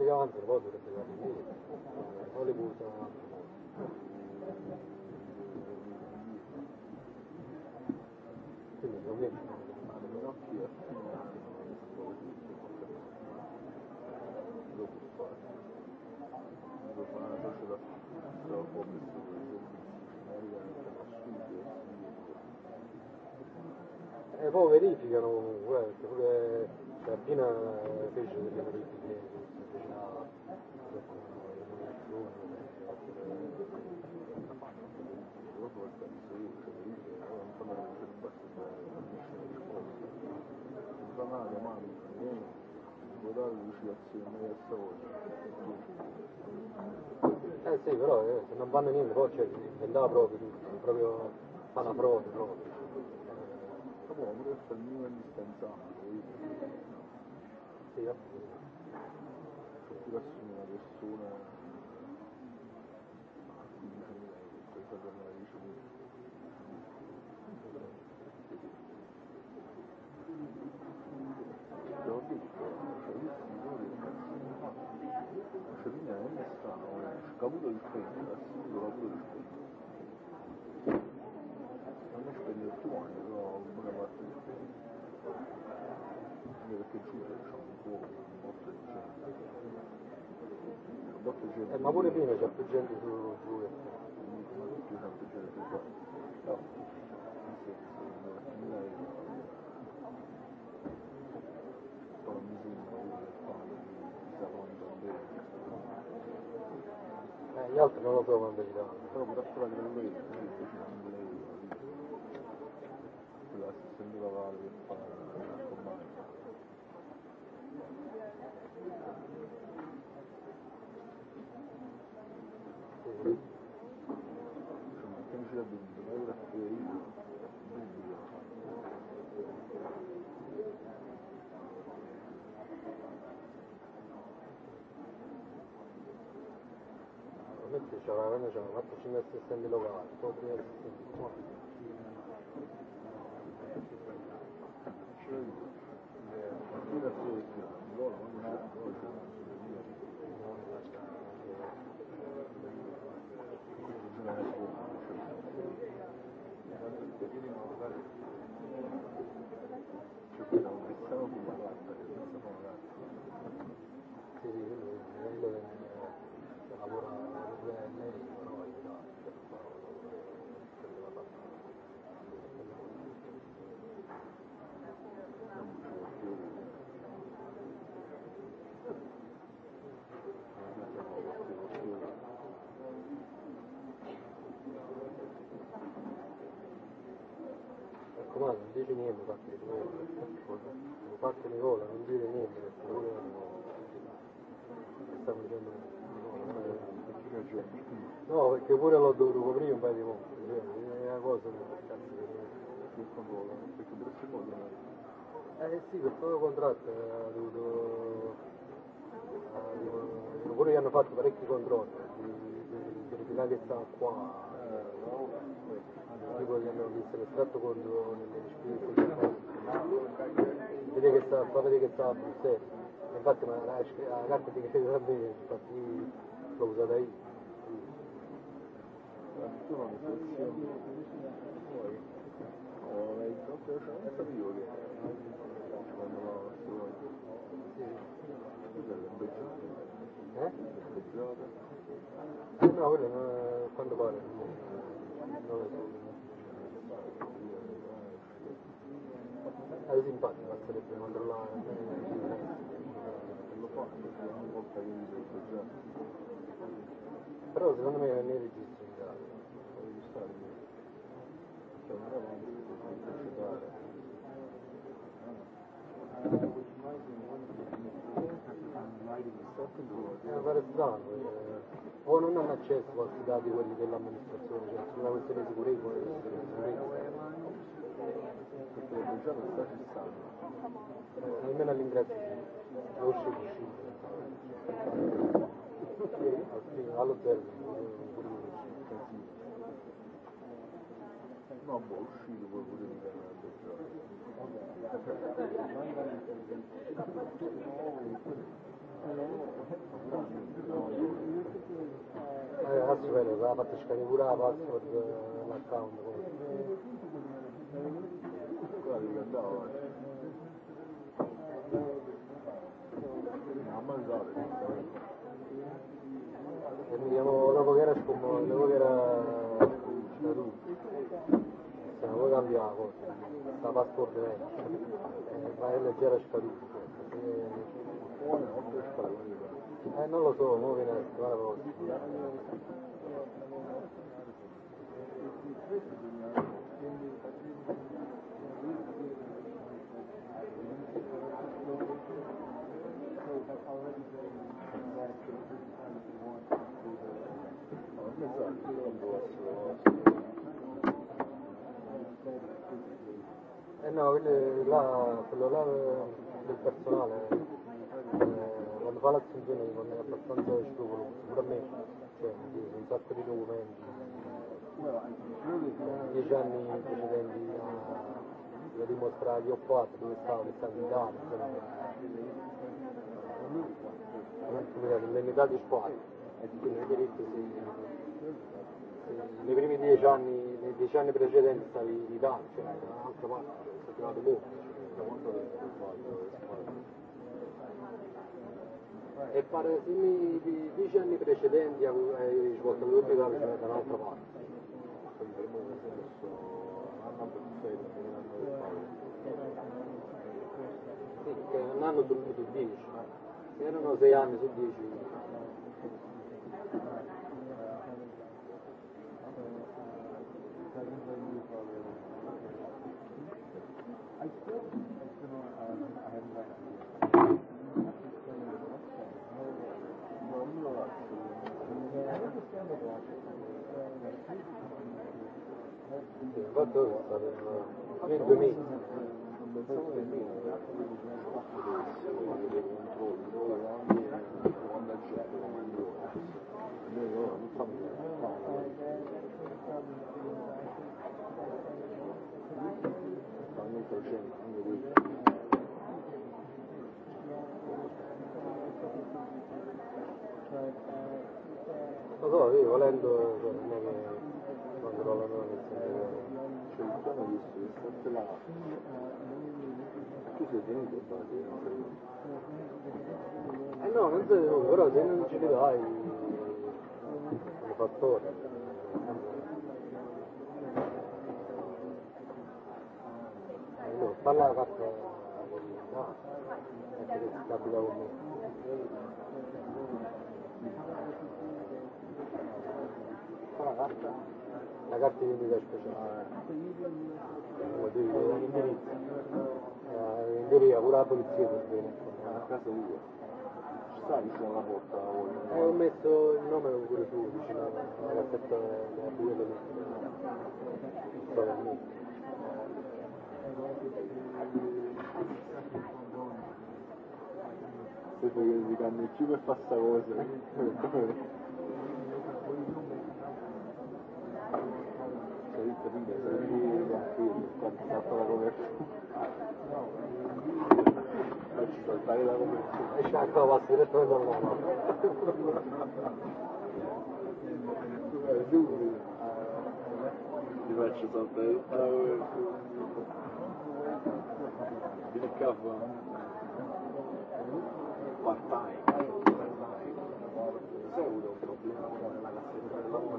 plecava în Târgoviu, că plecava în Hollywood, Quindi non mi è E poi verificano, guarda, pure Cardina fece delle verifiche Eh sì, però eh, se non vanno niente poi c'è il là proprio, proprio fanno proprio, proprio. Vabbè, questo è il mio indispensabile. Sì, appunto assumere una persona a 15.000 euro, questa giornata di 10.000 Şöyle yani mesela kabul ölçmeyi nasıl durabilir ölçmeyi? Yanlış ben yaptım anne. Buna baktım. Gerekli çünkü șu an bu ortada. Eh, ma pure prima c'è più gente su due. Eh, gli altri non lo so quando ci danno. Però pure a quella di lui, quella si sentiva male per fare il comando. naravno ćemo napoći da se se milovali. To prije se se milovali. No, perché pure l'ho dovuto coprire un paio di volte, cioè, è una cosa che perché Eh sì, per tutto il contratto ha dovuto eh, pure gli hanno fatto parecchi controlli, verificare che stava qua, eh, no? tipo gli hanno visto l'estratto contro nelle spese Vede che sta, fa vedere che sta a Bruxelles. Infatti ma la, la carta di credito a me, infatti l'ho usata io. Eh? No, quello quando pare. Non lo so. Hai simpatico la selezione da, contro la... Lo fa, non può Però secondo me ne registro in grado. Voglio stare lì. Cioè, non è un partecipare. Pare strano, o non hanno accesso a dati quelli dell'amministrazione, cioè sulla questione di sicurezza, perché la bruciata sta cessando. Eh, almeno all'ingresso da, non c'è uscita. All'hotel No, boh, uscito poi pure di Eh, adesso vedo, la faccio scaricare pure la password, l'account. Sariga, ciao. A mangiare. E andiamo dopo che era scommo, dopo che era scaduto. Se non vuoi cambiare la cosa, sta passaporto vecchio. Ma è leggera scaduto. Buone, oltre scaduto. Eh, non lo so, muovi la settimana prossima. Thank you. Eh no, quelli la, quello là del personale, eh, quando fa l'assunzione è abbastanza scrupolo, pure cioè un sacco di documenti, dieci anni precedenti a, a dimostrare che ho fatto, dove stavo, che stavo in Italia, cioè, l'unità di squadra, quindi i diritti nei primi dieci anni, nei dieci anni precedenti stavi in Italia, cioè da un'altra parte, sei arrivato molto, da e pare che nei dieci anni precedenti hai svolto tutto da un'altra parte. Sì, che non hanno su 10, erano sei anni su dieci. 2014, dar în, în 2000. Într-un Eh no, non so, però se non ci vedrai un fattore. No, parla la carta no, è che si capita con me. Fa la carta? La carta di vita speciale de pure la polizia per bene. A casa tua. Ci sta vicino alla porta? Eh, ho messo il nome pure tu, vicino alla cassetta della buia dell'ultima. Sto per me. che si canna il cibo e fa sta cosa. Thank you. Acolo Roberto. Soltare la Roberto. Și acolo va fi restul de la Diverse soltare. Bine cavă. Partai. Pseudo problemă la la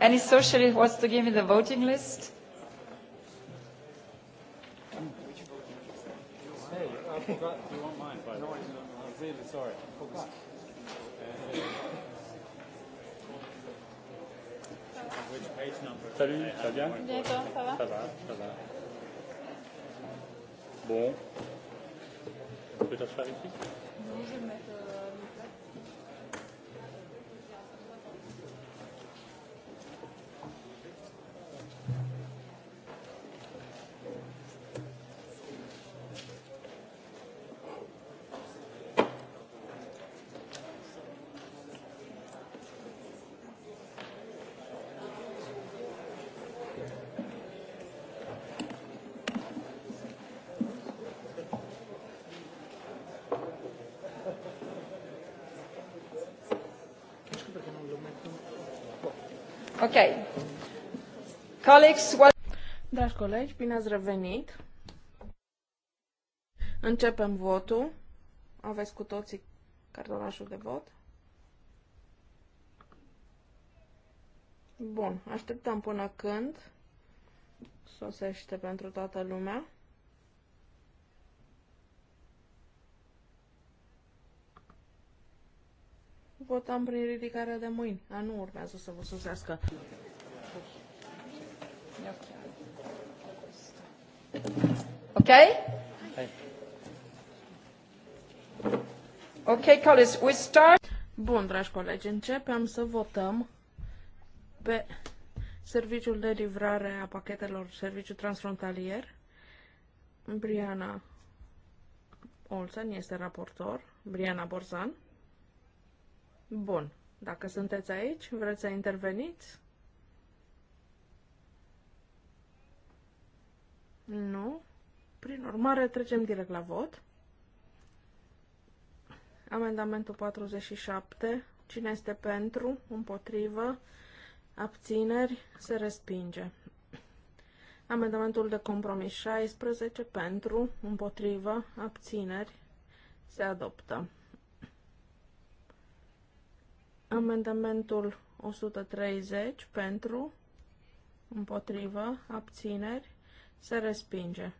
Any socialist wants to give me the voting list? Salut, ça va bien toi, ça va Ça va, ça va. Bon. Tu peux t'asseoir ici Non, je vais me mettre... Euh... Dragi colegi, bine ați revenit. Începem votul. Aveți cu toții cartonașul de vot. Bun, așteptăm până când sosește pentru toată lumea. votăm prin ridicarea de mâini. A, nu urmează să vă sosească. Ok? Ok, colleagues, we start. Bun, dragi colegi, începem să votăm pe serviciul de livrare a pachetelor, serviciu transfrontalier. Briana Olsen este raportor, Briana Borzan. Bun. Dacă sunteți aici, vreți să interveniți? Nu. Prin urmare, trecem direct la vot. Amendamentul 47. Cine este pentru? Împotrivă? Abțineri? Se respinge. Amendamentul de compromis 16. Pentru? Împotrivă? Abțineri? Se adoptă. Amendamentul 130 pentru, împotrivă, abțineri, se respinge.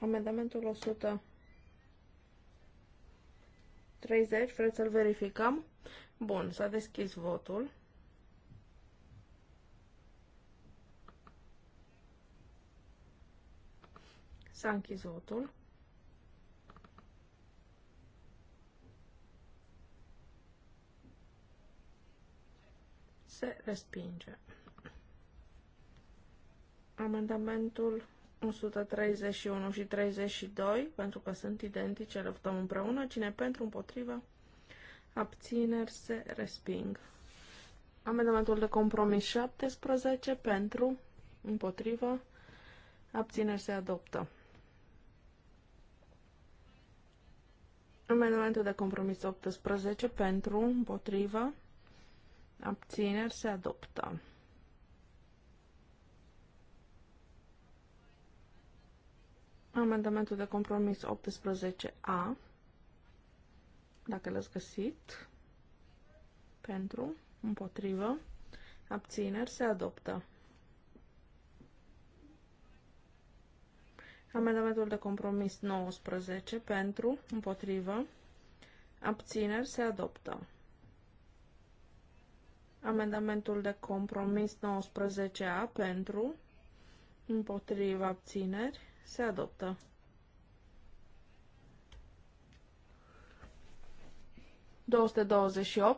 Amendamentul 130, vreți să-l verificăm? Bun, s-a deschis votul. S-a închis votul. se respinge. Amendamentul 131 și 32, pentru că sunt identice, le votăm împreună. Cine pentru, împotrivă, abțineri, se resping. Amendamentul de compromis 17, pentru, împotrivă, abțineri, se adoptă. Amendamentul de compromis 18, pentru, împotrivă, Abțineri se adoptă. Amendamentul de compromis 18A, dacă l-ați găsit, pentru, împotrivă, abțineri se adoptă. Amendamentul de compromis 19 pentru, împotrivă, abțineri se adoptă. Amendamentul de compromis 19A pentru, împotriva abțineri, se adoptă. opt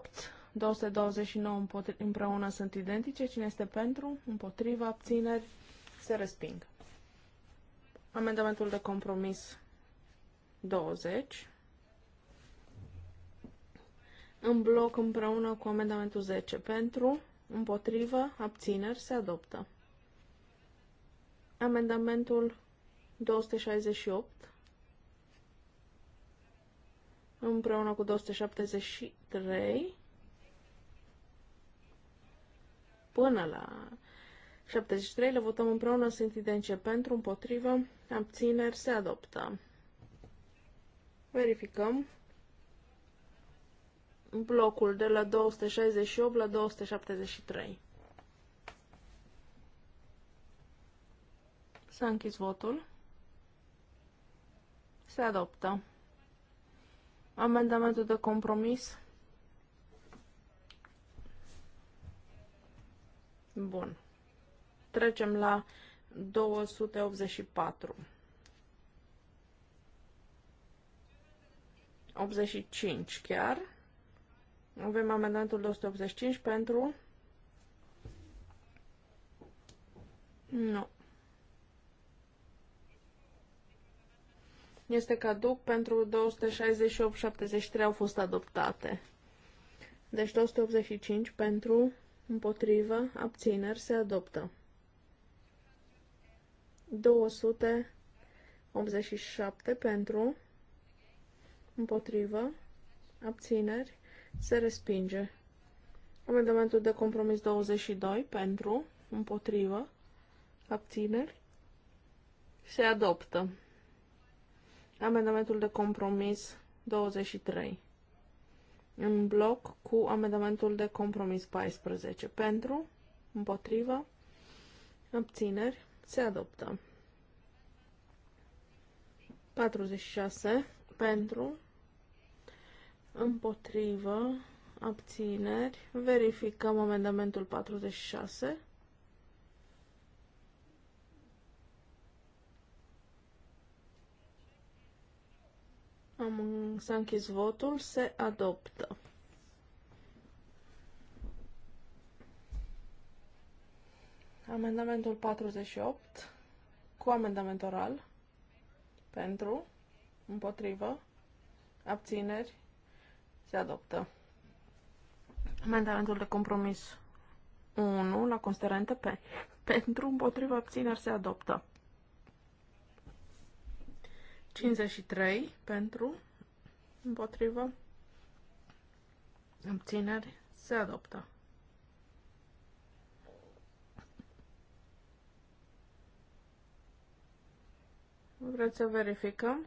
229 împreună sunt identice. Cine este pentru, împotriva, abțineri, se resping. Amendamentul de compromis 20 în bloc împreună cu amendamentul 10. Pentru, împotrivă, abțineri, se adoptă. Amendamentul 268 împreună cu 273 până la 73 le votăm împreună, sunt identice pentru, împotrivă, abțineri, se adoptă. Verificăm blocul de la 268 la 273. S-a închis votul. Se adoptă. Amendamentul de compromis. Bun. Trecem la 284. 85 chiar. Avem amendamentul 285 pentru... Nu. Este caduc pentru 268-73 au fost adoptate. Deci 285 pentru, împotrivă, abțineri se adoptă. 287 pentru, împotrivă, abțineri se respinge. Amendamentul de compromis 22 pentru, împotrivă, abțineri, se adoptă. Amendamentul de compromis 23 în bloc cu amendamentul de compromis 14 pentru, împotrivă, abțineri, se adoptă. 46 pentru, împotrivă, abțineri, verificăm amendamentul 46. Am, s-a închis votul, se adoptă. Amendamentul 48 cu amendament oral pentru, împotrivă, abțineri, se adoptă. Amendamentul de compromis 1 la considerente pe, Pentru împotriva abțineri se adoptă. 53 pentru împotriva abțineri se adoptă. Vreți să verificăm?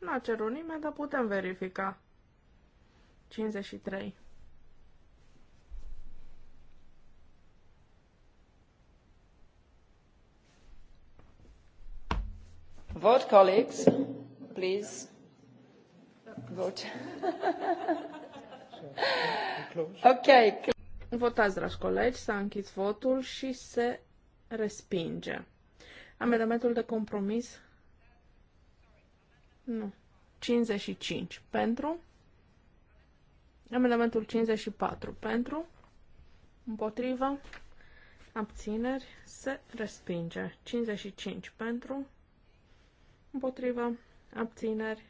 Nu a cerut nimeni, dar putem verifica. 53. Vote, colleagues, please. Vote. ok. Votați, dragi colegi, s-a închis votul și se respinge. Amendamentul de compromis? Nu. 55. Pentru? Amendamentul 54 pentru, împotrivă, abțineri, se respinge. 55 pentru, împotrivă, abțineri,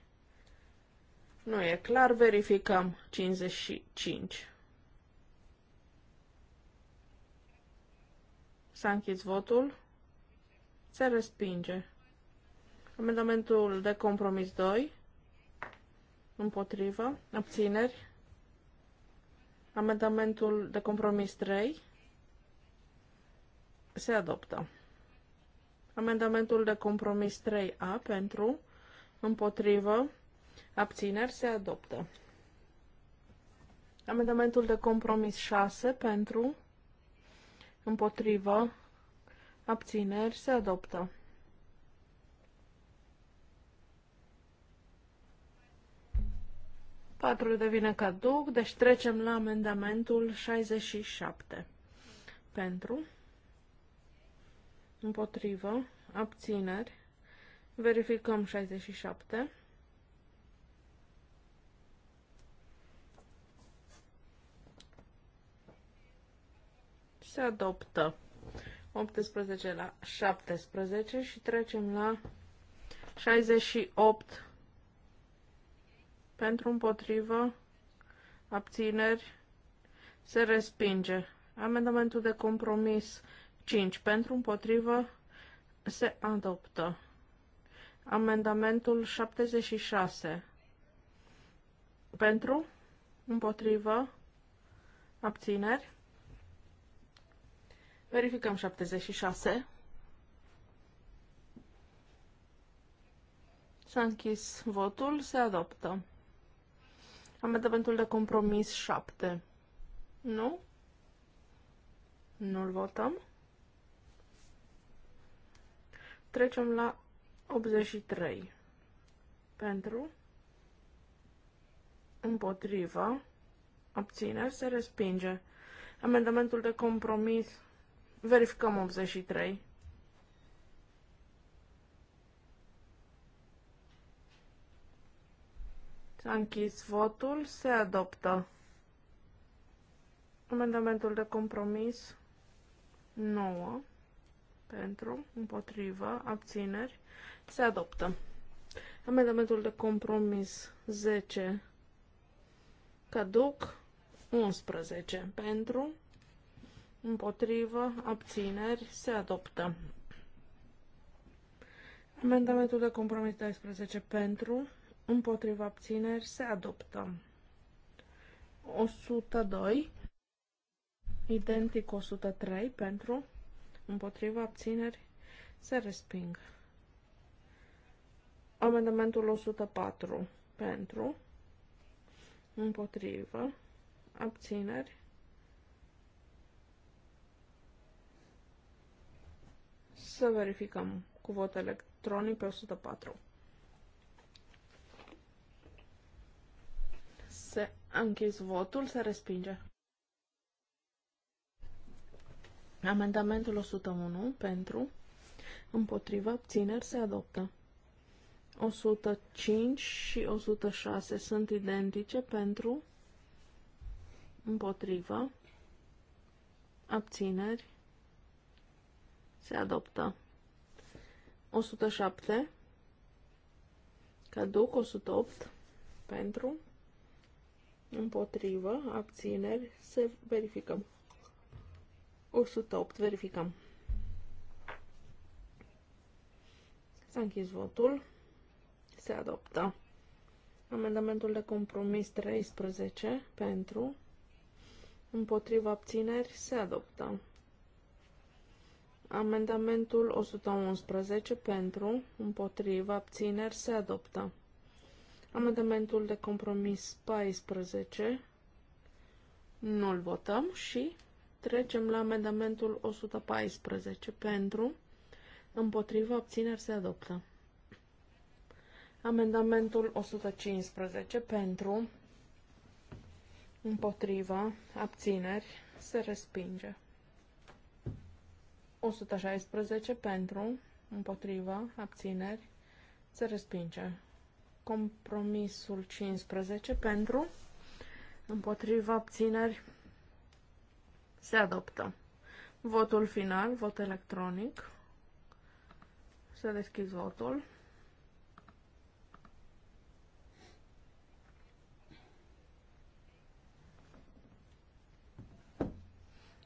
nu e clar, verificăm 55. S-a închis votul. Se respinge. Amendamentul de compromis 2. Împotrivă. Abțineri. Amendamentul de compromis 3 se adoptă. Amendamentul de compromis 3A pentru, împotrivă, abțineri se adoptă. Amendamentul de compromis 6 pentru, împotrivă, abțineri se adoptă. 4 devine caduc, deci trecem la amendamentul 67. Pentru, împotrivă, abțineri, verificăm 67. Se adoptă 18 la 17 și trecem la 68 pentru împotrivă, abțineri, se respinge. Amendamentul de compromis 5 pentru împotrivă se adoptă. Amendamentul 76 pentru împotrivă abțineri. Verificăm 76. S-a închis votul, se adoptă. Amendamentul de compromis 7. Nu? Nu-l votăm. Trecem la 83. Pentru. Împotriva. Obține, Se respinge. Amendamentul de compromis. Verificăm 83. S-a închis votul. Se adoptă. Amendamentul de compromis 9 pentru, împotrivă, abțineri, se adoptă. Amendamentul de compromis 10 caduc 11 pentru, împotrivă, abțineri, se adoptă. Amendamentul de compromis 13 pentru, împotriva abțineri se adoptă. 102, identic 103 pentru, împotriva abțineri se resping. Amendamentul 104 pentru, împotriva abțineri să verificăm cu vot electronic pe 104. Se închis votul, se respinge. Amendamentul 101 pentru, împotriva, abțineri se adoptă. 105 și 106 sunt identice pentru, împotriva, abțineri se adoptă. 107 caduc 108 pentru împotrivă, abțineri, se verificăm. 108, verificăm. S-a închis votul. Se adoptă. Amendamentul de compromis 13 pentru, împotriva abțineri, se adoptă. Amendamentul 111 pentru, împotriva abțineri, se adoptă. Amendamentul de compromis 14 nu-l votăm și trecem la amendamentul 114 pentru, împotriva, abțineri se adoptă. Amendamentul 115 pentru, împotriva, abțineri se respinge. 116 pentru, împotriva, abțineri se respinge. Compromisul 15 pentru, împotriva abțineri, se adoptă. Votul final, vot electronic. Să deschid votul.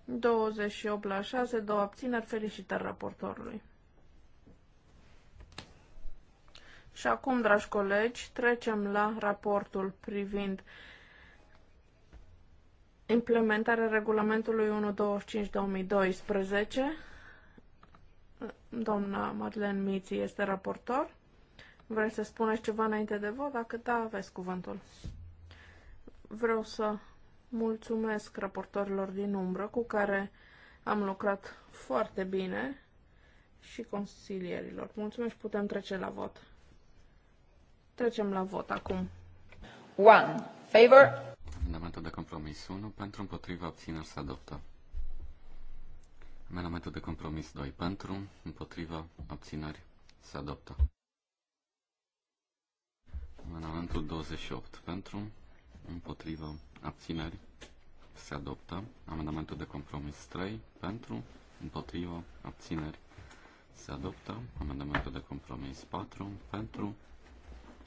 Douăzeci și opt la șase, două abțineri, felicitări raportorului. Și acum, dragi colegi, trecem la raportul privind implementarea regulamentului 125-2012. Doamna Madeleine Miți este raportor. Vreți să spuneți ceva înainte de vot? Dacă da, aveți cuvântul. Vreau să mulțumesc raportorilor din umbră cu care am lucrat foarte bine și consilierilor. Mulțumesc, putem trece la vot. Trecem la vot acum. 1. Favor. Amendamentul de compromis 1 pentru împotriva abțineri se adoptă. Amendamentul de compromis 2 pentru împotriva abțineri se adoptă. Amendamentul 28 pentru împotriva abțineri se adoptă. Amendamentul de compromis 3 pentru împotriva abțineri se adoptă. Amendamentul de compromis 4 pentru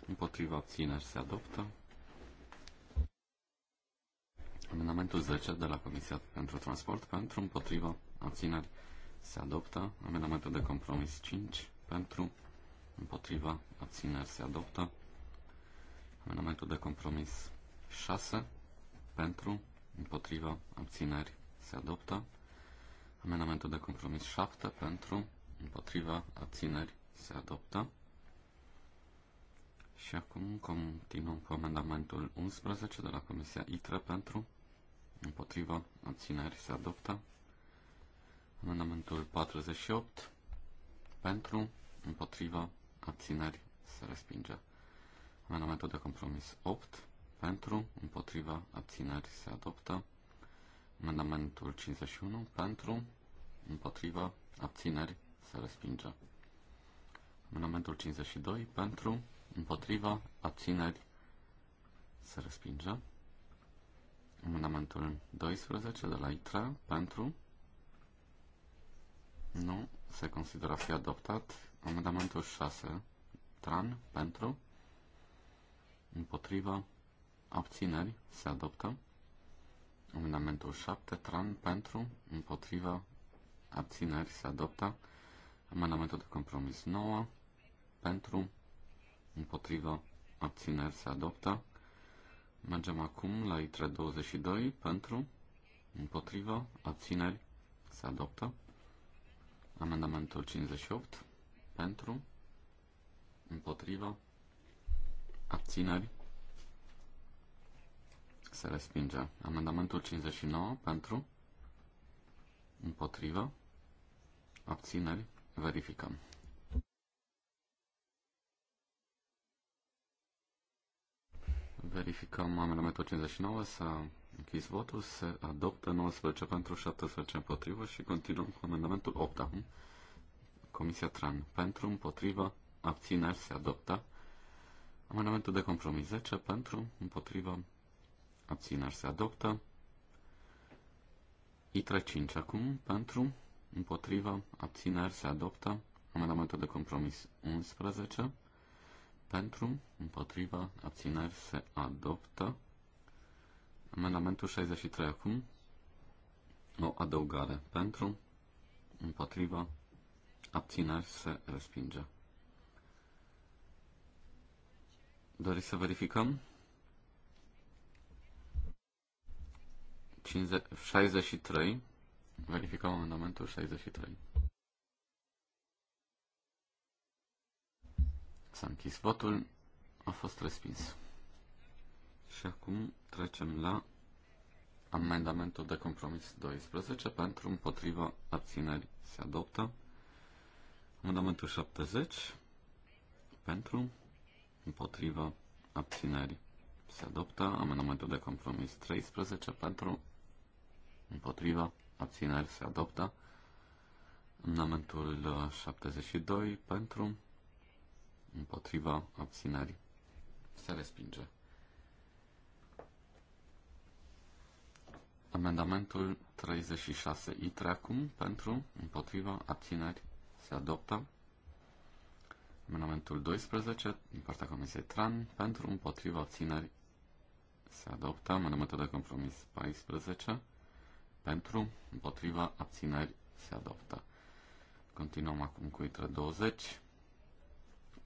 împotriva obțineri se adoptă. Amendamentul 10 de la Comisia pentru Transport pentru împotriva abțineri se adoptă. Amendamentul de compromis 5 pentru împotriva abțineri se adoptă. Amendamentul de compromis 6 pentru împotriva abțineri se adoptă. Amendamentul de compromis 7 pentru împotriva abțineri se adoptă. Și acum continuăm cu amendamentul 11 de la Comisia ITRE pentru, împotriva, abțineri se adoptă. Amendamentul 48 pentru, împotriva, abțineri se respinge. Amendamentul de compromis 8 pentru, împotriva, abțineri se adoptă. Amendamentul 51 pentru, împotriva, abțineri se respinge. Amendamentul 52 pentru, împotriva, abțineri, se respinge. Amendamentul 12 de la ITRE pentru nu se consideră a fi adoptat. Amendamentul 6 TRAN pentru împotriva abțineri se adoptă. Amendamentul 7 TRAN pentru împotriva abțineri se adoptă. Amendamentul de compromis 9 pentru împotriva, abțineri se adoptă. Mergem acum la litre 22 pentru, împotriva, abțineri se adoptă. Amendamentul 58 pentru, împotriva, abțineri se respinge. Amendamentul 59 pentru, împotriva, abțineri verificăm. Verificăm amendamentul 59, s-a închis votul, se adoptă 19 pentru 17 împotrivă și continuăm cu amendamentul 8 acum. Comisia TRAN pentru, împotrivă, abțineri se adoptă. Amendamentul de compromis 10 pentru, împotrivă, abțineri se adoptă. I35 acum pentru, împotrivă, abțineri se adoptă. Amendamentul de compromis 11 pentru, împotriva, abțineri se adoptă. Amendamentul 63 acum, o adăugare pentru, împotriva, abțineri se respinge. Doriți să verificăm? 50, 63. Verificăm amendamentul 63. S-a închis votul. A fost respins. Și acum trecem la amendamentul de compromis 12 pentru împotriva abțineri se adoptă. Amendamentul 70 pentru împotriva abțineri se adoptă. Amendamentul de compromis 13 pentru împotriva abțineri se adoptă. Amendamentul 72 pentru împotriva abținerii. Se respinge. Amendamentul 36 ITRE acum pentru împotriva abțineri se adoptă. Amendamentul 12 din partea Comisiei TRAN pentru împotriva abțineri se adoptă. Amendamentul de compromis 14 pentru împotriva abțineri se adoptă. Continuăm acum cu ITRE 20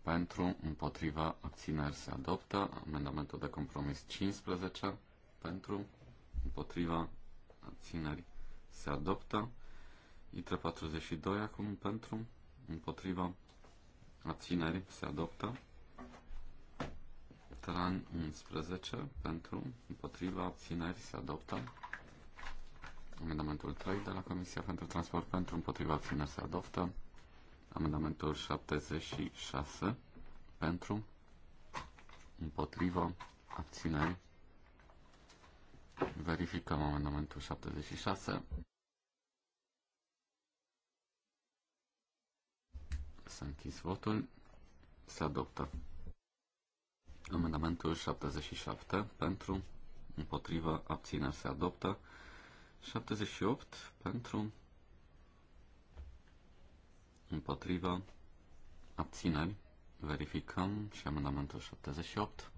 pentru, împotriva, abțineri se adoptă. Amendamentul de compromis 15 pentru, împotriva, abțineri se adoptă. I342 acum pentru, împotriva, abțineri se adoptă. Tran 11 pentru, împotriva, abțineri se adoptă. Amendamentul 3 de la Comisia pentru Transport pentru, împotriva, abțineri se adoptă. Amendamentul 76 pentru, împotriva, abțineri. Verificăm amendamentul 76. S-a închis votul. Se adoptă. Amendamentul 77 pentru, împotriva, abțineri se adoptă. 78 pentru, împotriva, abțineri, verificăm și amendamentul 78.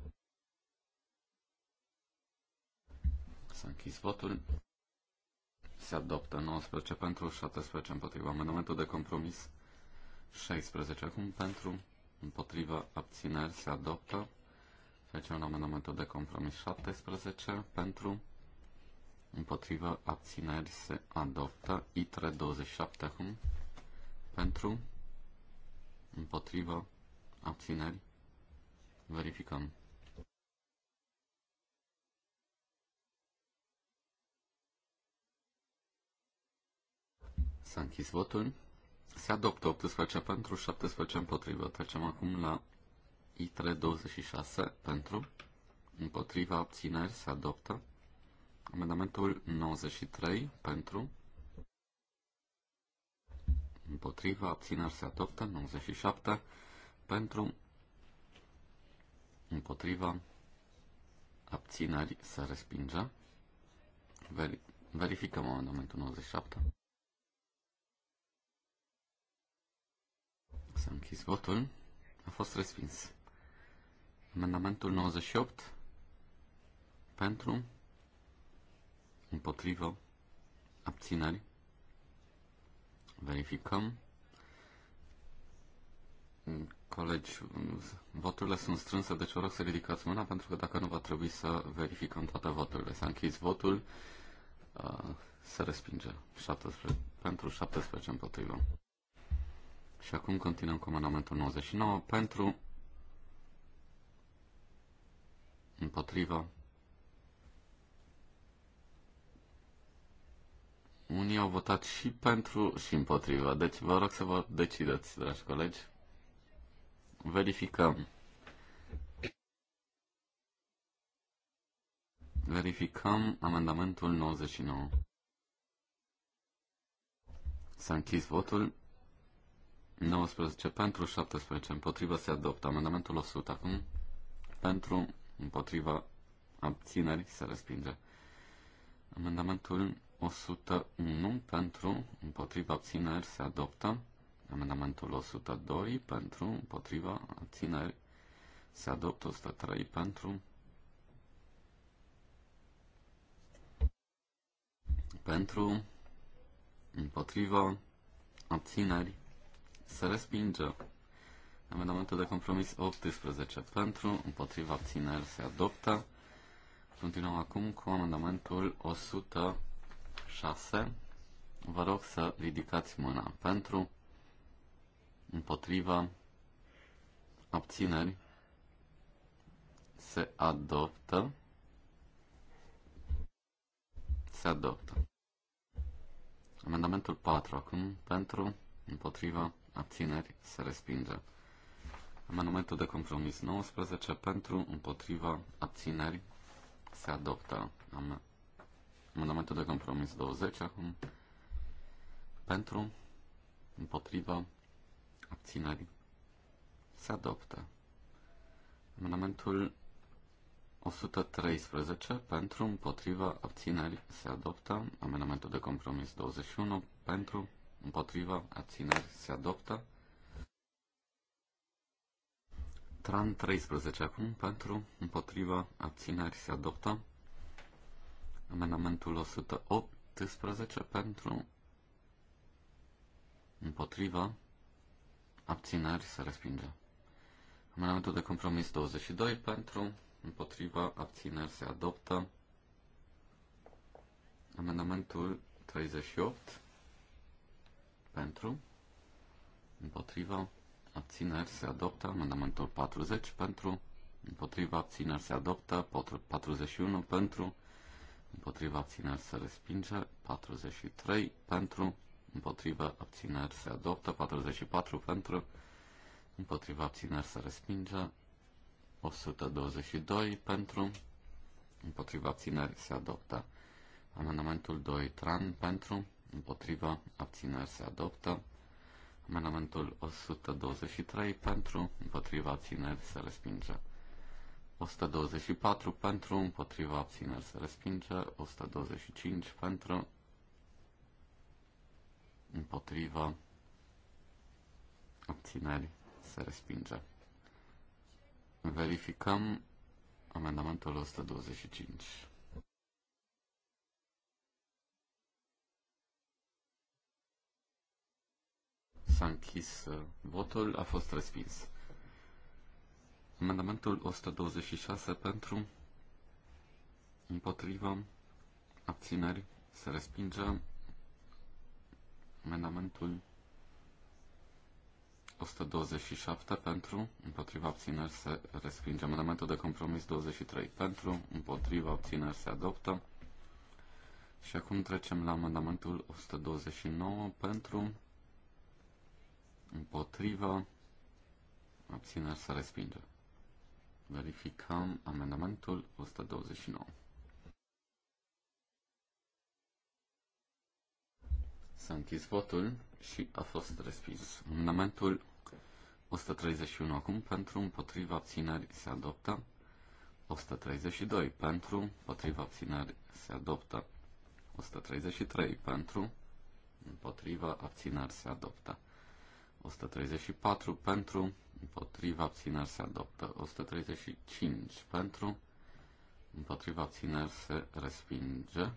S-a închis votul. Se adoptă 19 pentru, 17 împotriva. Amendamentul de compromis 16 acum pentru, împotriva, abțineri, se adoptă. facem amendamentul de compromis 17 pentru, împotriva, abțineri, se adoptă. I327 acum pentru, împotrivă, abțineri, verificăm. S-a închis votul. Se adoptă 18 pentru, 17 împotrivă. Trecem acum la I326 pentru, împotriva abțineri se adoptă. Amendamentul 93 pentru, împotriva, abțineri se adoptă, 97 pentru, împotriva, abțineri se respinge. Verificăm amendamentul 97. S-a închis votul. A fost respins. Amendamentul 98 pentru, împotrivă, abțineri Verificăm. Colegi, voturile sunt strânse, deci vă rog să ridicați mâna, pentru că dacă nu va trebui să verificăm toate voturile. S-a închis votul, uh, se respinge 17, pentru 17 împotrivă. Și acum continuăm cu amendamentul 99 pentru împotriva Unii au votat și pentru și împotriva. Deci vă rog să vă decideți, dragi colegi. Verificăm. Verificăm amendamentul 99. S-a închis votul. 19 pentru, 17 împotriva se adoptă. Amendamentul 100 acum. Pentru, împotriva, abțineri se respinge. Amendamentul 101 pentru, împotriva abțineri se adoptă. Amendamentul 102 pentru, împotriva abțineri se adoptă. 103 pentru, pentru, împotriva abțineri se respinge. Amendamentul de compromis 18 pentru, împotriva abțineri se adoptă. Continuăm acum cu amendamentul 100. 6, vă rog să ridicați mâna pentru, împotriva, abțineri, se adoptă, se adoptă. Amendamentul 4 acum, pentru, împotriva, abțineri, se respinge. Amendamentul de compromis 19 pentru, împotriva, abțineri, se adoptă. Amen. Amendamentul de compromis 20 acum. Pentru, împotriva, abțineri. Se adoptă. Amendamentul 113 pentru, împotriva, abțineri se adoptă. Amendamentul de compromis 21 pentru, împotriva, abțineri se adoptă. Tran 13 acum pentru, împotriva, abțineri se adoptă. Amendamentul 118 pentru împotriva abțineri se respinge. Amendamentul de compromis 22 pentru împotriva abțineri se adoptă. Amendamentul 38 pentru împotriva abțineri se adoptă. Amendamentul 40 pentru împotriva abțineri se adoptă. 41 pentru împotriva abțineri se respinge, 43 pentru, împotriva abțineri se adoptă, 44 pentru, împotriva abțineri se respinge, 122 pentru, împotriva abțineri se adoptă. Amendamentul 2 tran pentru, împotriva abțineri se adoptă. Amendamentul 123 pentru, împotriva abțineri se respinge. 124 pentru, împotriva abțineri se respinge, 125 pentru, împotriva abțineri se respinge. Verificăm amendamentul 125. S-a închis uh, votul, a fost respins. Amendamentul 126 pentru, împotrivă, abțineri, se respinge. Amendamentul 127 pentru, împotriva abțineri se respinge. Amendamentul de compromis 23 pentru, împotriva abțineri se adoptă. Și acum trecem la amendamentul 129 pentru, împotriva abțineri se respinge. Verificăm amendamentul 129. S-a închis votul și a fost respins. Amendamentul 131 acum pentru împotriva abțineri se adoptă. 132 pentru împotriva abțineri se adoptă. 133 pentru împotriva abțineri se adoptă. 134 pentru, împotriva abțineri se adoptă. 135 pentru, împotriva abțineri se respinge.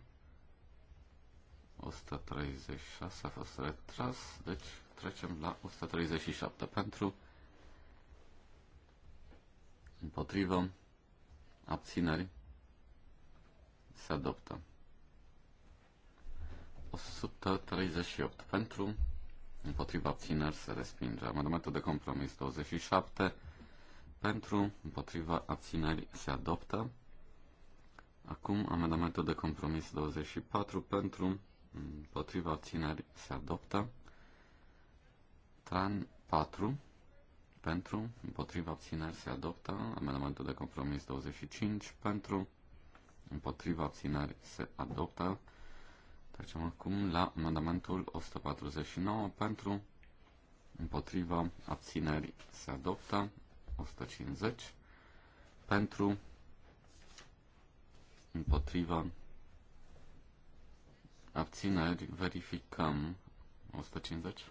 136 a fost retras, deci trecem la 137 pentru, împotriva abțineri se adoptă. 138 pentru, împotriva abțineri se respinge. Amendamentul de compromis 27 pentru, împotriva abțineri se adoptă. Acum amendamentul de compromis 24 pentru, împotriva abțineri se adoptă. Tran 4 pentru, împotriva abțineri se adoptă. Amendamentul de compromis 25 pentru, împotriva abțineri se adoptă. Trecem acum la amendamentul 149 pentru împotriva abținerii se adoptă 150 pentru împotriva abțineri verificăm 150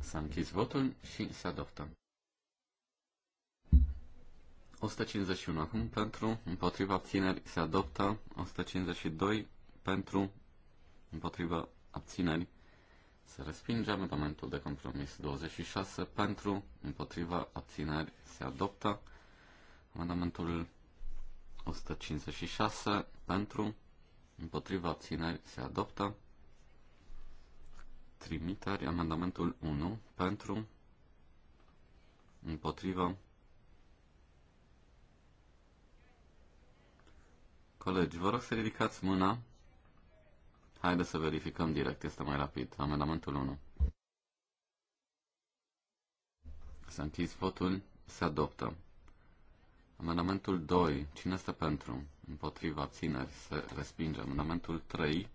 S-a închis votul și se adoptă. 151 acum pentru, împotriva abțineri se adoptă, 152 pentru, împotriva abțineri se respinge amendamentul de compromis 26 pentru, împotriva abțineri se adoptă, amendamentul 156 pentru, împotriva abțineri se adoptă, trimiteri amendamentul 1 pentru, împotriva Colegi, vă rog să ridicați mâna. Haideți să verificăm direct, este mai rapid. Amendamentul 1. S-a închis votul, se adoptă. Amendamentul 2. Cine este pentru? Împotriva abțineri se respinge. Amendamentul 3.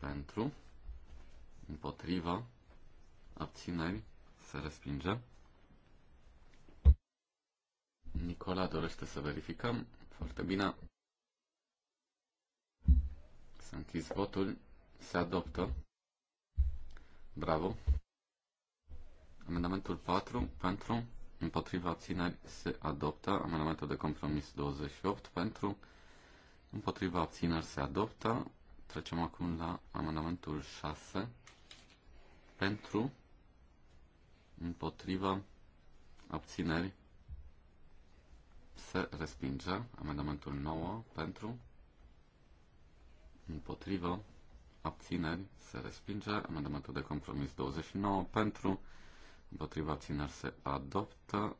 Pentru. Împotriva abțineri se respinge. Nicola dorește să verificăm. Foarte bine. Să închis votul. Se adoptă. Bravo. Amendamentul 4 pentru, împotriva abțineri se adoptă. Amendamentul de compromis 28 pentru, împotriva abțineri se adoptă. Trecem acum la amendamentul 6 pentru, împotriva abțineri se respinge. Amendamentul 9 pentru, împotrivă, abțineri, se respinge. Amendamentul de compromis 29 pentru, împotriva abțineri se adoptă.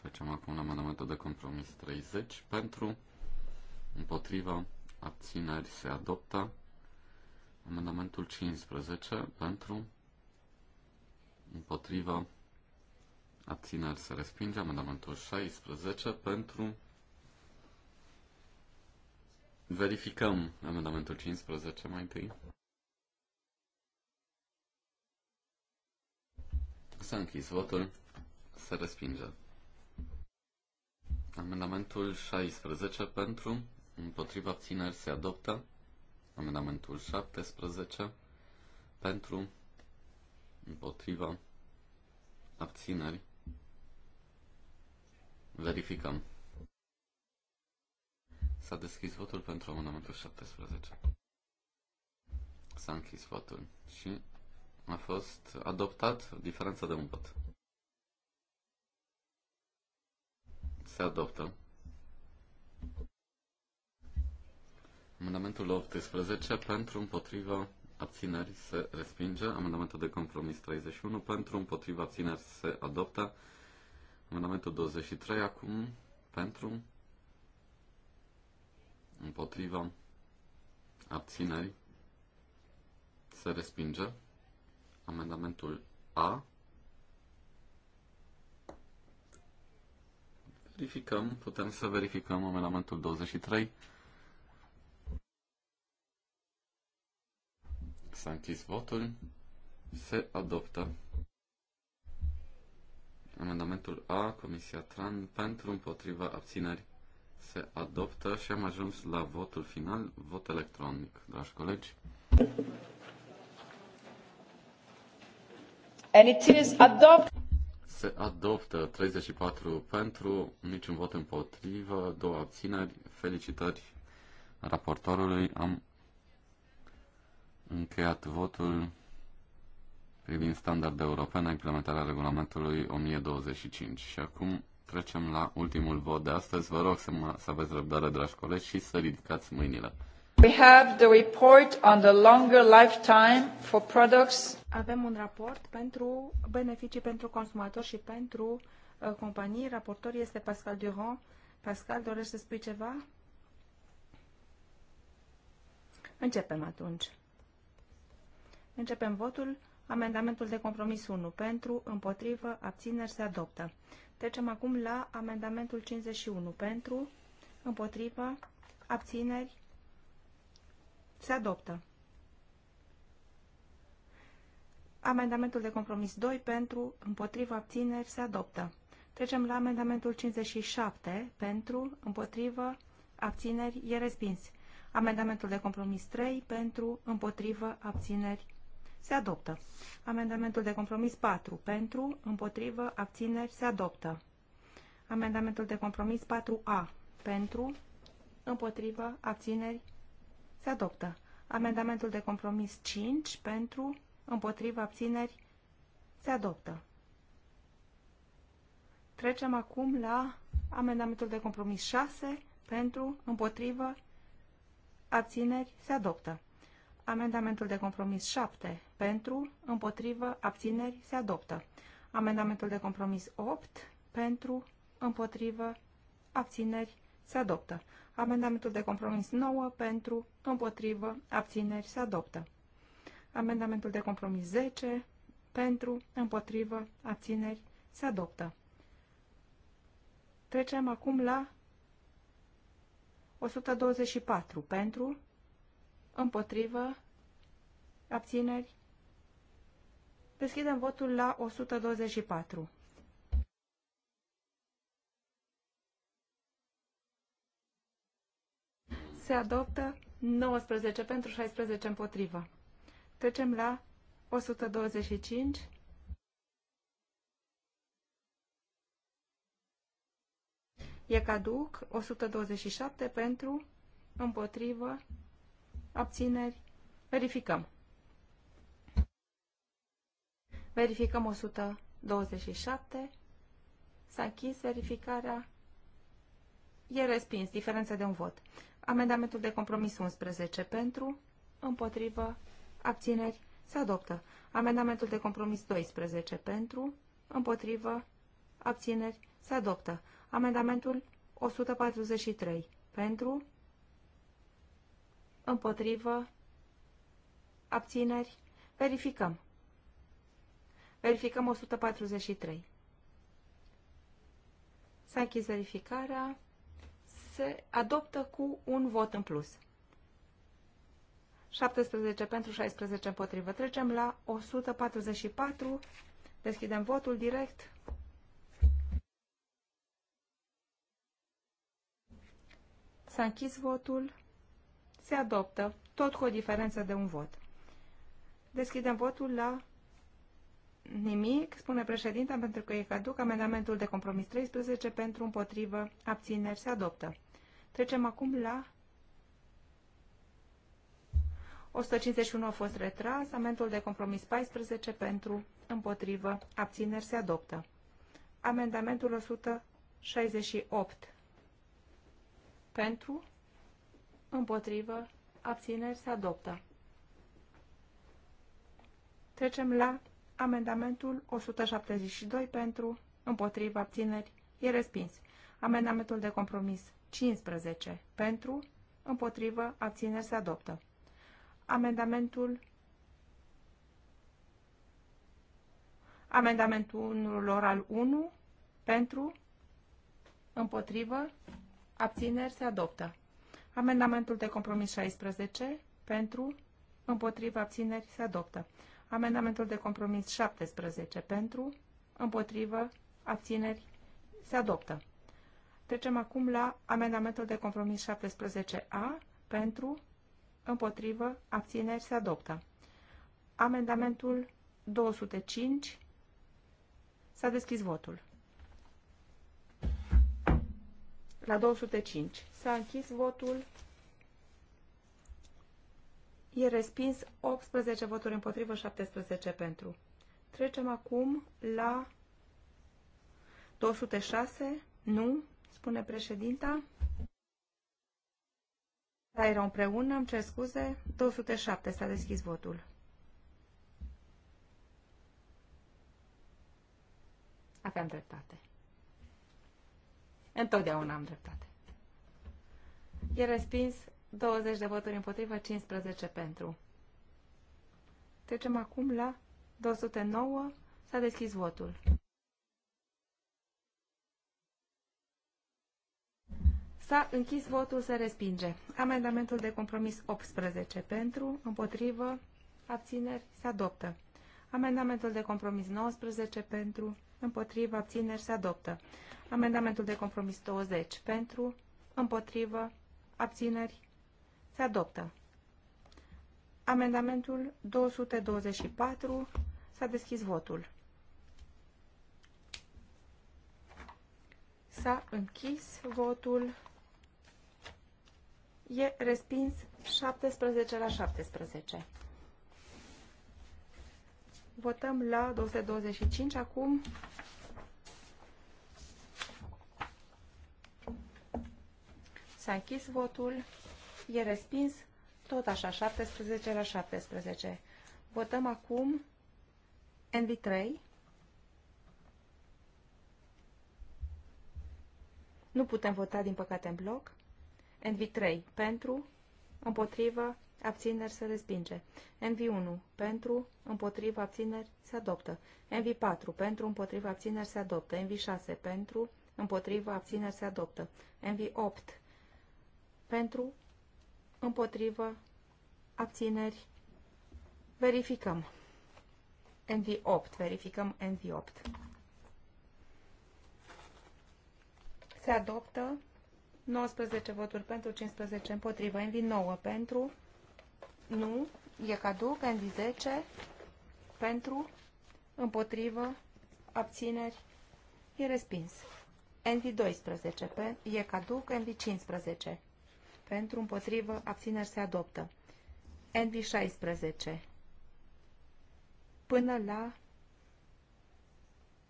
Trecem acum la amendamentul de compromis 30 pentru, împotriva abțineri se adoptă. Amendamentul 15 pentru, împotriva abțineri se respinge. Amendamentul 16 pentru, Verificăm amendamentul 15 mai întâi. S-a închis votul. Se respinge. Amendamentul 16 pentru, împotriva abțineri se adoptă. Amendamentul 17 pentru, împotriva abțineri. Verificăm. S-a deschis votul pentru amendamentul 17. S-a închis votul și a fost adoptat diferența de un vot. Se adoptă. Amendamentul 18 pentru împotriva abțineri se respinge. Amendamentul de compromis 31 pentru împotriva abțineri se adoptă. Amendamentul 23 acum pentru împotriva, abținerii se respinge. Amendamentul A. Verificăm, putem să verificăm amendamentul 23. S-a închis votul. Se adoptă. Amendamentul A, Comisia TRAN, pentru împotriva abținerii se adoptă și am ajuns la votul final, vot electronic, dragi colegi. And it is adopted. Se adoptă 34 pentru, niciun vot împotrivă, două abțineri. Felicitări raportorului. Am încheiat votul privind standarde europene, implementarea regulamentului 1025. Și acum Trecem la ultimul vot de astăzi. Vă rog să, mă, să aveți răbdare, dragi colegi, și să ridicați mâinile. We have the report on the longer lifetime for products. Avem un raport pentru beneficii pentru consumatori și pentru uh, companii. Raportor este Pascal Durand. Pascal, dorești să spui ceva? Începem atunci. Începem votul. Amendamentul de compromis 1 pentru, împotrivă, abțineri se adoptă. Trecem acum la amendamentul 51 pentru, împotrivă, abțineri se adoptă. Amendamentul de compromis 2 pentru, împotrivă, abțineri se adoptă. Trecem la amendamentul 57 pentru, împotrivă, abțineri e respins. Amendamentul de compromis 3 pentru, împotrivă, abțineri se adoptă. Amendamentul de compromis 4 pentru, împotrivă, abțineri, se adoptă. Amendamentul de compromis 4A pentru, împotrivă, abțineri, se adoptă. Amendamentul de compromis 5 pentru, împotrivă, abțineri, se adoptă. Trecem acum la amendamentul de compromis 6 pentru, împotrivă, abțineri, se adoptă. Amendamentul de compromis 7 pentru, împotrivă, abțineri se adoptă. Amendamentul de compromis 8 pentru, împotrivă, abțineri se adoptă. Amendamentul de compromis 9 pentru, împotrivă, abțineri se adoptă. Amendamentul de compromis 10 pentru, împotrivă, abțineri se adoptă. Trecem acum la 124 pentru, împotrivă, abțineri. Deschidem votul la 124. Se adoptă 19 pentru 16 împotrivă. Trecem la 125. E caduc 127 pentru împotrivă abțineri, verificăm. Verificăm 127. S-a închis verificarea. E respins, diferență de un vot. Amendamentul de compromis 11 pentru, împotrivă, abțineri, se adoptă. Amendamentul de compromis 12 pentru, împotrivă, abțineri, se adoptă. Amendamentul 143 pentru, împotrivă, abțineri, verificăm. Verificăm 143. S-a închis verificarea, se adoptă cu un vot în plus. 17 pentru 16 împotrivă. Trecem la 144. Deschidem votul direct. S-a închis votul se adoptă, tot cu o diferență de un vot. Deschidem votul la nimic, spune președinta, pentru că e caduc amendamentul de compromis 13 pentru împotrivă abțineri se adoptă. Trecem acum la 151 a fost retras, amendul de compromis 14 pentru împotrivă abțineri se adoptă. Amendamentul 168 pentru împotrivă, abțineri se adoptă. Trecem la amendamentul 172 pentru, împotrivă, abțineri, e respins. Amendamentul de compromis 15 pentru, împotrivă, abțineri se adoptă. Amendamentul Amendamentul al 1 pentru, împotrivă, abțineri se adoptă. Amendamentul de compromis 16 pentru, împotriva abțineri se adoptă. Amendamentul de compromis 17 pentru, împotrivă, abțineri se adoptă. Trecem acum la amendamentul de compromis 17A pentru, împotrivă, abțineri se adoptă. Amendamentul 205 s-a deschis votul. La 205. S-a închis votul. E respins 18 voturi împotrivă, 17 pentru. Trecem acum la 206. Nu, spune președinta. Da, era împreună, îmi cer scuze. 207 s-a deschis votul. Aveam dreptate. Întotdeauna am dreptate. E respins 20 de voturi împotriva, 15 pentru. Trecem acum la 209. S-a deschis votul. S-a închis votul, se respinge. Amendamentul de compromis 18 pentru, împotrivă, abțineri, se adoptă. Amendamentul de compromis 19 pentru, împotrivă, abțineri, se adoptă. Amendamentul de compromis 20 pentru, împotrivă, abțineri, se adoptă. Amendamentul 224 s-a deschis votul. S-a închis votul. E respins 17 la 17. Votăm la 225 acum. S-a închis votul. E respins. Tot așa, 17 la 17. Votăm acum NV3. Nu putem vota, din păcate, în bloc. NV3 pentru, împotrivă, abțineri se respinge. NV1 pentru, împotrivă, abțineri se adoptă. NV4 pentru, împotrivă, abțineri se adoptă. NV6 pentru, împotrivă, abțineri se adoptă. NV8 pentru, împotrivă, abțineri, verificăm. NV8, verificăm NV8. Se adoptă 19 voturi pentru, 15 împotrivă, NV9 pentru, nu, e caduc, NV10 pentru, împotrivă, abțineri, e respins. NV12 e caduc, NV15 pentru, împotrivă, abțineri se adoptă. NV16 până la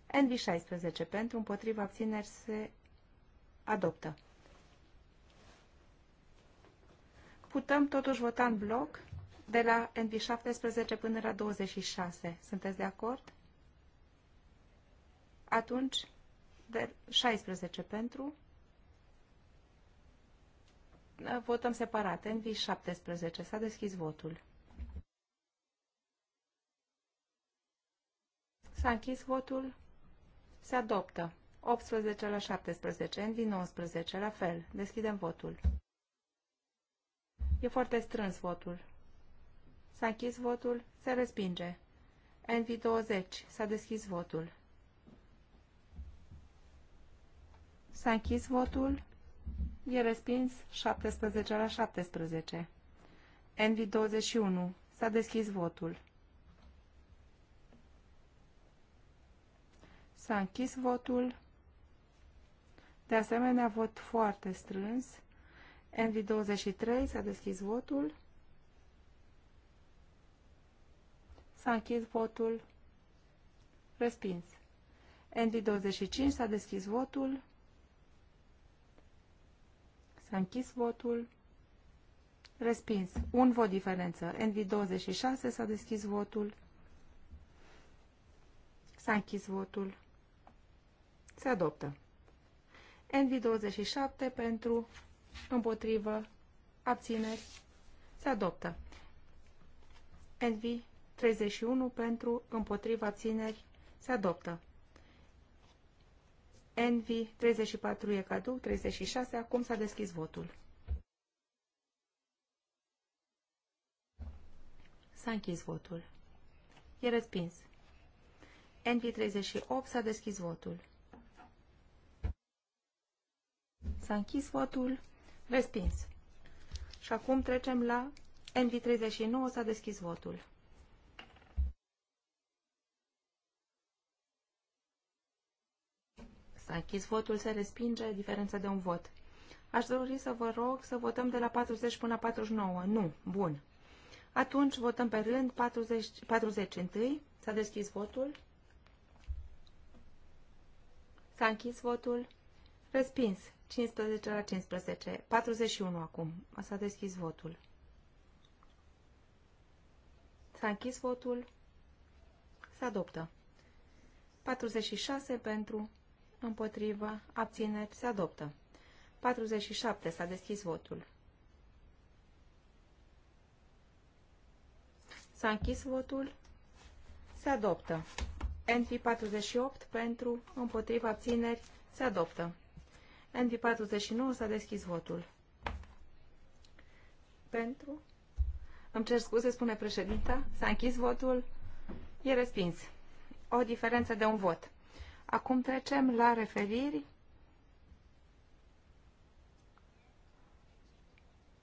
NV16 pentru, împotrivă, abțineri se adoptă. Putem totuși vota în bloc de la NV17 până la 26. Sunteți de acord? Atunci, de 16 pentru, Votăm separat. Envi 17. S-a deschis votul. S-a închis votul. Se adoptă. 18 la 17. Envi 19. La fel. Deschidem votul. E foarte strâns votul. S-a închis votul. Se respinge. Envi 20. S-a deschis votul. S-a închis votul. E respins 17 la 17. nv 21. S-a deschis votul. S-a închis votul. De asemenea, vot foarte strâns. nv 23. S-a deschis votul. S-a închis votul. Respins. nv 25. S-a deschis votul. S-a închis votul. Respins. Un vot diferență. NV26 s-a deschis votul. S-a închis votul. Se adoptă. NV27 pentru, împotrivă, abțineri. Se adoptă. NV31 pentru, împotrivă, abțineri. Se adoptă. Envi 34 e caduc, 36. Acum s-a deschis votul. S-a închis votul. E respins. Envi 38 s-a deschis votul. S-a închis votul. Respins. Și acum trecem la Envi 39 s-a deschis votul. S-a închis votul, se respinge, diferența de un vot. Aș dori să vă rog să votăm de la 40 până la 49. Nu. Bun. Atunci votăm pe rând 40, 40 întâi. S-a deschis votul. S-a închis votul. Respins. 15 la 15. 41 acum. S-a deschis votul. S-a închis votul. Se adoptă. 46 pentru împotrivă, abțineri, se adoptă. 47. S-a deschis votul. S-a închis votul. Se adoptă. NV48 pentru, împotriva abțineri, se adoptă. NV49 s-a deschis votul. Pentru. Îmi cer scuze, spune președinta. S-a închis votul. E respins. O diferență de un vot. Acum trecem la referiri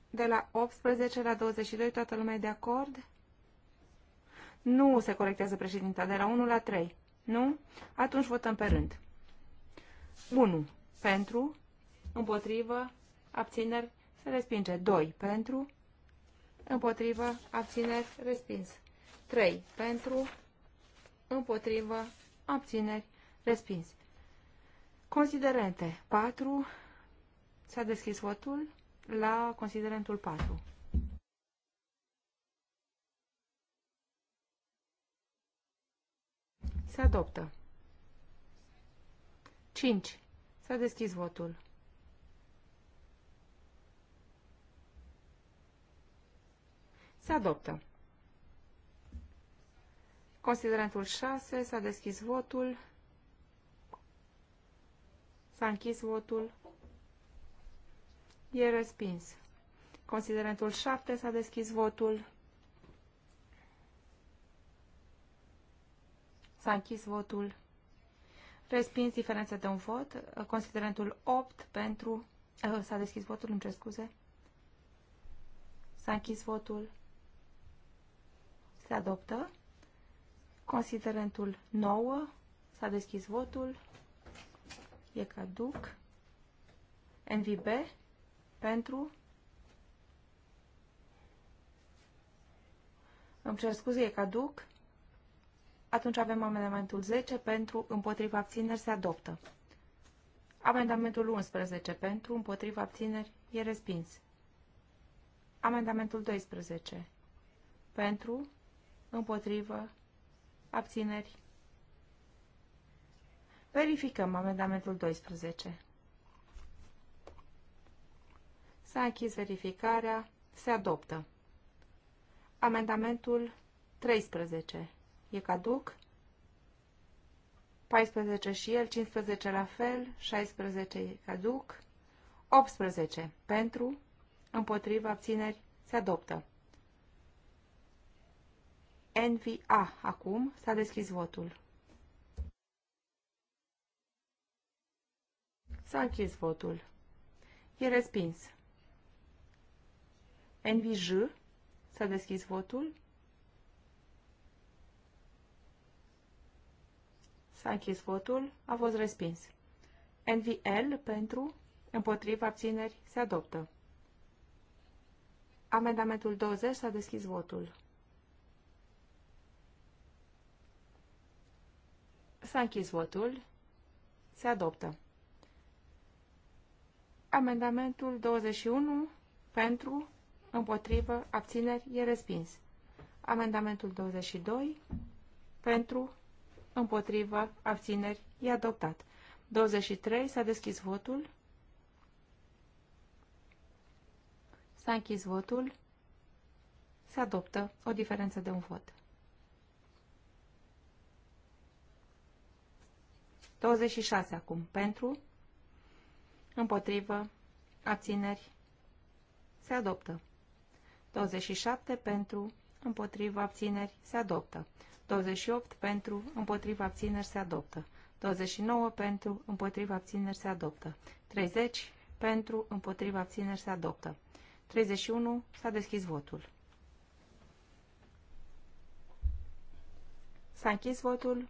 de la 18 la 22, toată lumea e de acord? Nu se corectează președinta, de la 1 la 3, nu? Atunci votăm pe rând. 1. Pentru, împotrivă, abțineri, se respinge. 2. Pentru, împotrivă, abțineri, respins. 3. Pentru, împotrivă, abțineri, Respins. Considerente 4. S-a deschis votul la considerentul 4. Se adoptă. 5. S-a deschis votul. Se adoptă. Considerentul 6. S-a deschis votul. S-a închis votul. E respins. Considerentul 7 s-a deschis votul. S-a închis votul. Respins diferența de un vot. Considerentul 8 pentru... Eh, s-a deschis votul, îmi cer scuze. S-a închis votul. Se adoptă. Considerentul 9. S-a deschis votul e caduc. NVB pentru. Îmi cer scuze, e caduc. Atunci avem amendamentul 10 pentru, împotriva abțineri, se adoptă. Amendamentul 11 pentru, împotriva abțineri, e respins. Amendamentul 12 pentru, împotrivă, abțineri, Verificăm amendamentul 12. S-a închis verificarea. Se adoptă. Amendamentul 13. E caduc. 14 și el, 15 la fel, 16 e caduc. 18. Pentru, împotriva, abțineri, se adoptă. NVA. Acum s-a deschis votul. S-a închis votul. E respins. NVJ. S-a deschis votul. S-a închis votul. A fost respins. NVL pentru, împotriva abțineri, se adoptă. Amendamentul 20 s-a deschis votul. S-a închis votul. Se adoptă. Amendamentul 21 pentru, împotrivă, abțineri e respins. Amendamentul 22 pentru, împotrivă, abțineri e adoptat. 23 s-a deschis votul. S-a închis votul. Se adoptă o diferență de un vot. 26 acum. Pentru, împotrivă, abțineri, se adoptă. 27 pentru, împotrivă, abțineri, se adoptă. 28 pentru, împotrivă, abțineri, se adoptă. 29 pentru, Împotrivă. abțineri se adoptă. 30 pentru, Împotrivă. abțineri se adoptă. 31 s-a deschis votul. S-a închis votul,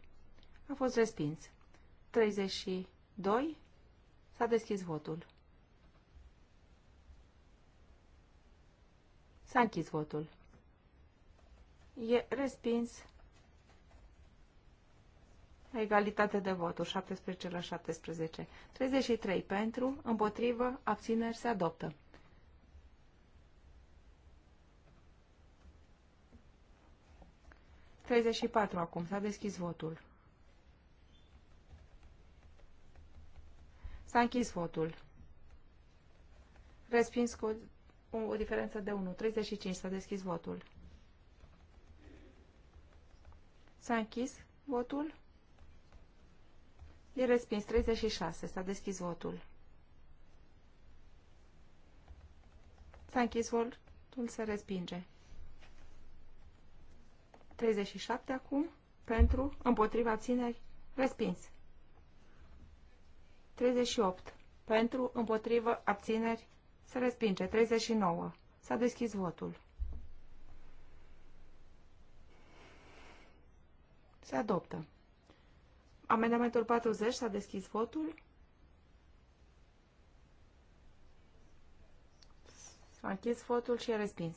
a fost respins. 32 S-a deschis votul. S-a închis votul. E respins la egalitate de voturi, 17 la 17. 33 pentru, împotrivă, abțineri, se adoptă. Treizeci și patru acum. S-a deschis votul. S-a închis votul. Respins cu o, o diferență de 1. 35. S-a deschis votul. S-a închis votul. E respins. 36. S-a deschis votul. S-a închis votul. Se respinge. 37 acum. Pentru. Împotriva abțineri. Respins. 38. Pentru, împotrivă, abțineri, se respinge. 39. S-a deschis votul. Se adoptă. Amendamentul 40 s-a deschis votul. S-a închis votul și a respins.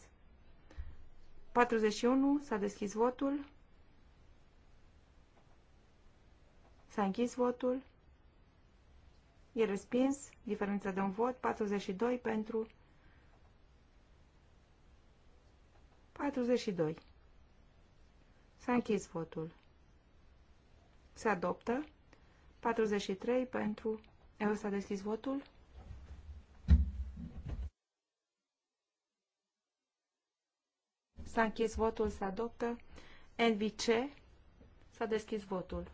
41 s-a deschis votul. S-a închis votul E respins, diferența de un vot, 42 pentru 42. S-a închis votul. Se adoptă 43 pentru... Eu s-a deschis votul. S-a închis votul, se adoptă. NVC s-a deschis votul.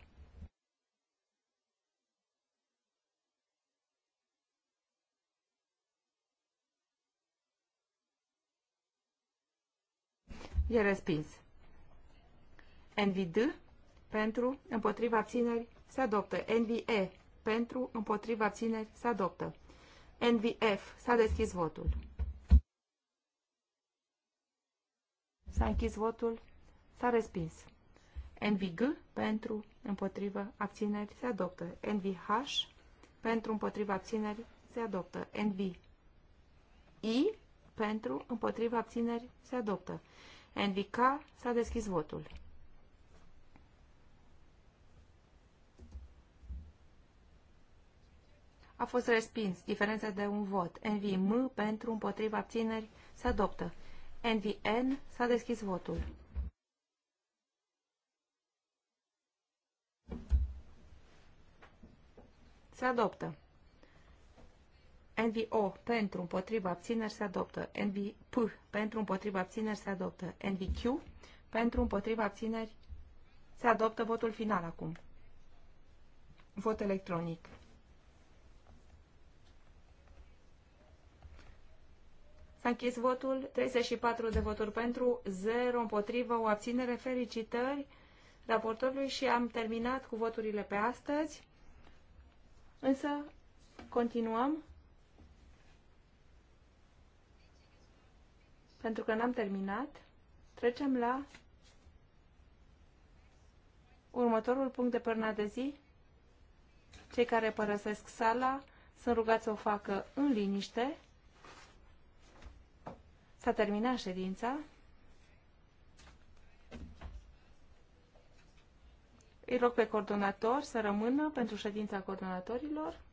E respins. NVD pentru, împotriva țineri se adoptă. NVE pentru, împotriva țineri se adoptă. NVF, s-a deschis votul. S-a închis votul, s-a respins. NVG pentru, împotriva abțineri, se adoptă. NVH pentru, împotriva abțineri, se adoptă. NVI pentru, împotriva abțineri, se adoptă. NVK s-a deschis votul. A fost respins. Diferența de un vot. NVM pentru împotriva abțineri se adoptă. NVN s-a deschis votul. Se adoptă. NVO pentru împotriva abțineri se adoptă. NVP pentru împotriva abțineri se adoptă. NVQ pentru împotriva abțineri se adoptă votul final acum. Vot electronic. S-a închis votul, 34 de voturi pentru, 0 împotrivă, o abținere, felicitări raportorului și am terminat cu voturile pe astăzi. Însă continuăm pentru că n-am terminat, trecem la următorul punct de părna de zi. Cei care părăsesc sala sunt rugați să o facă în liniște. S-a terminat ședința. Îi rog pe coordonator să rămână pentru ședința coordonatorilor.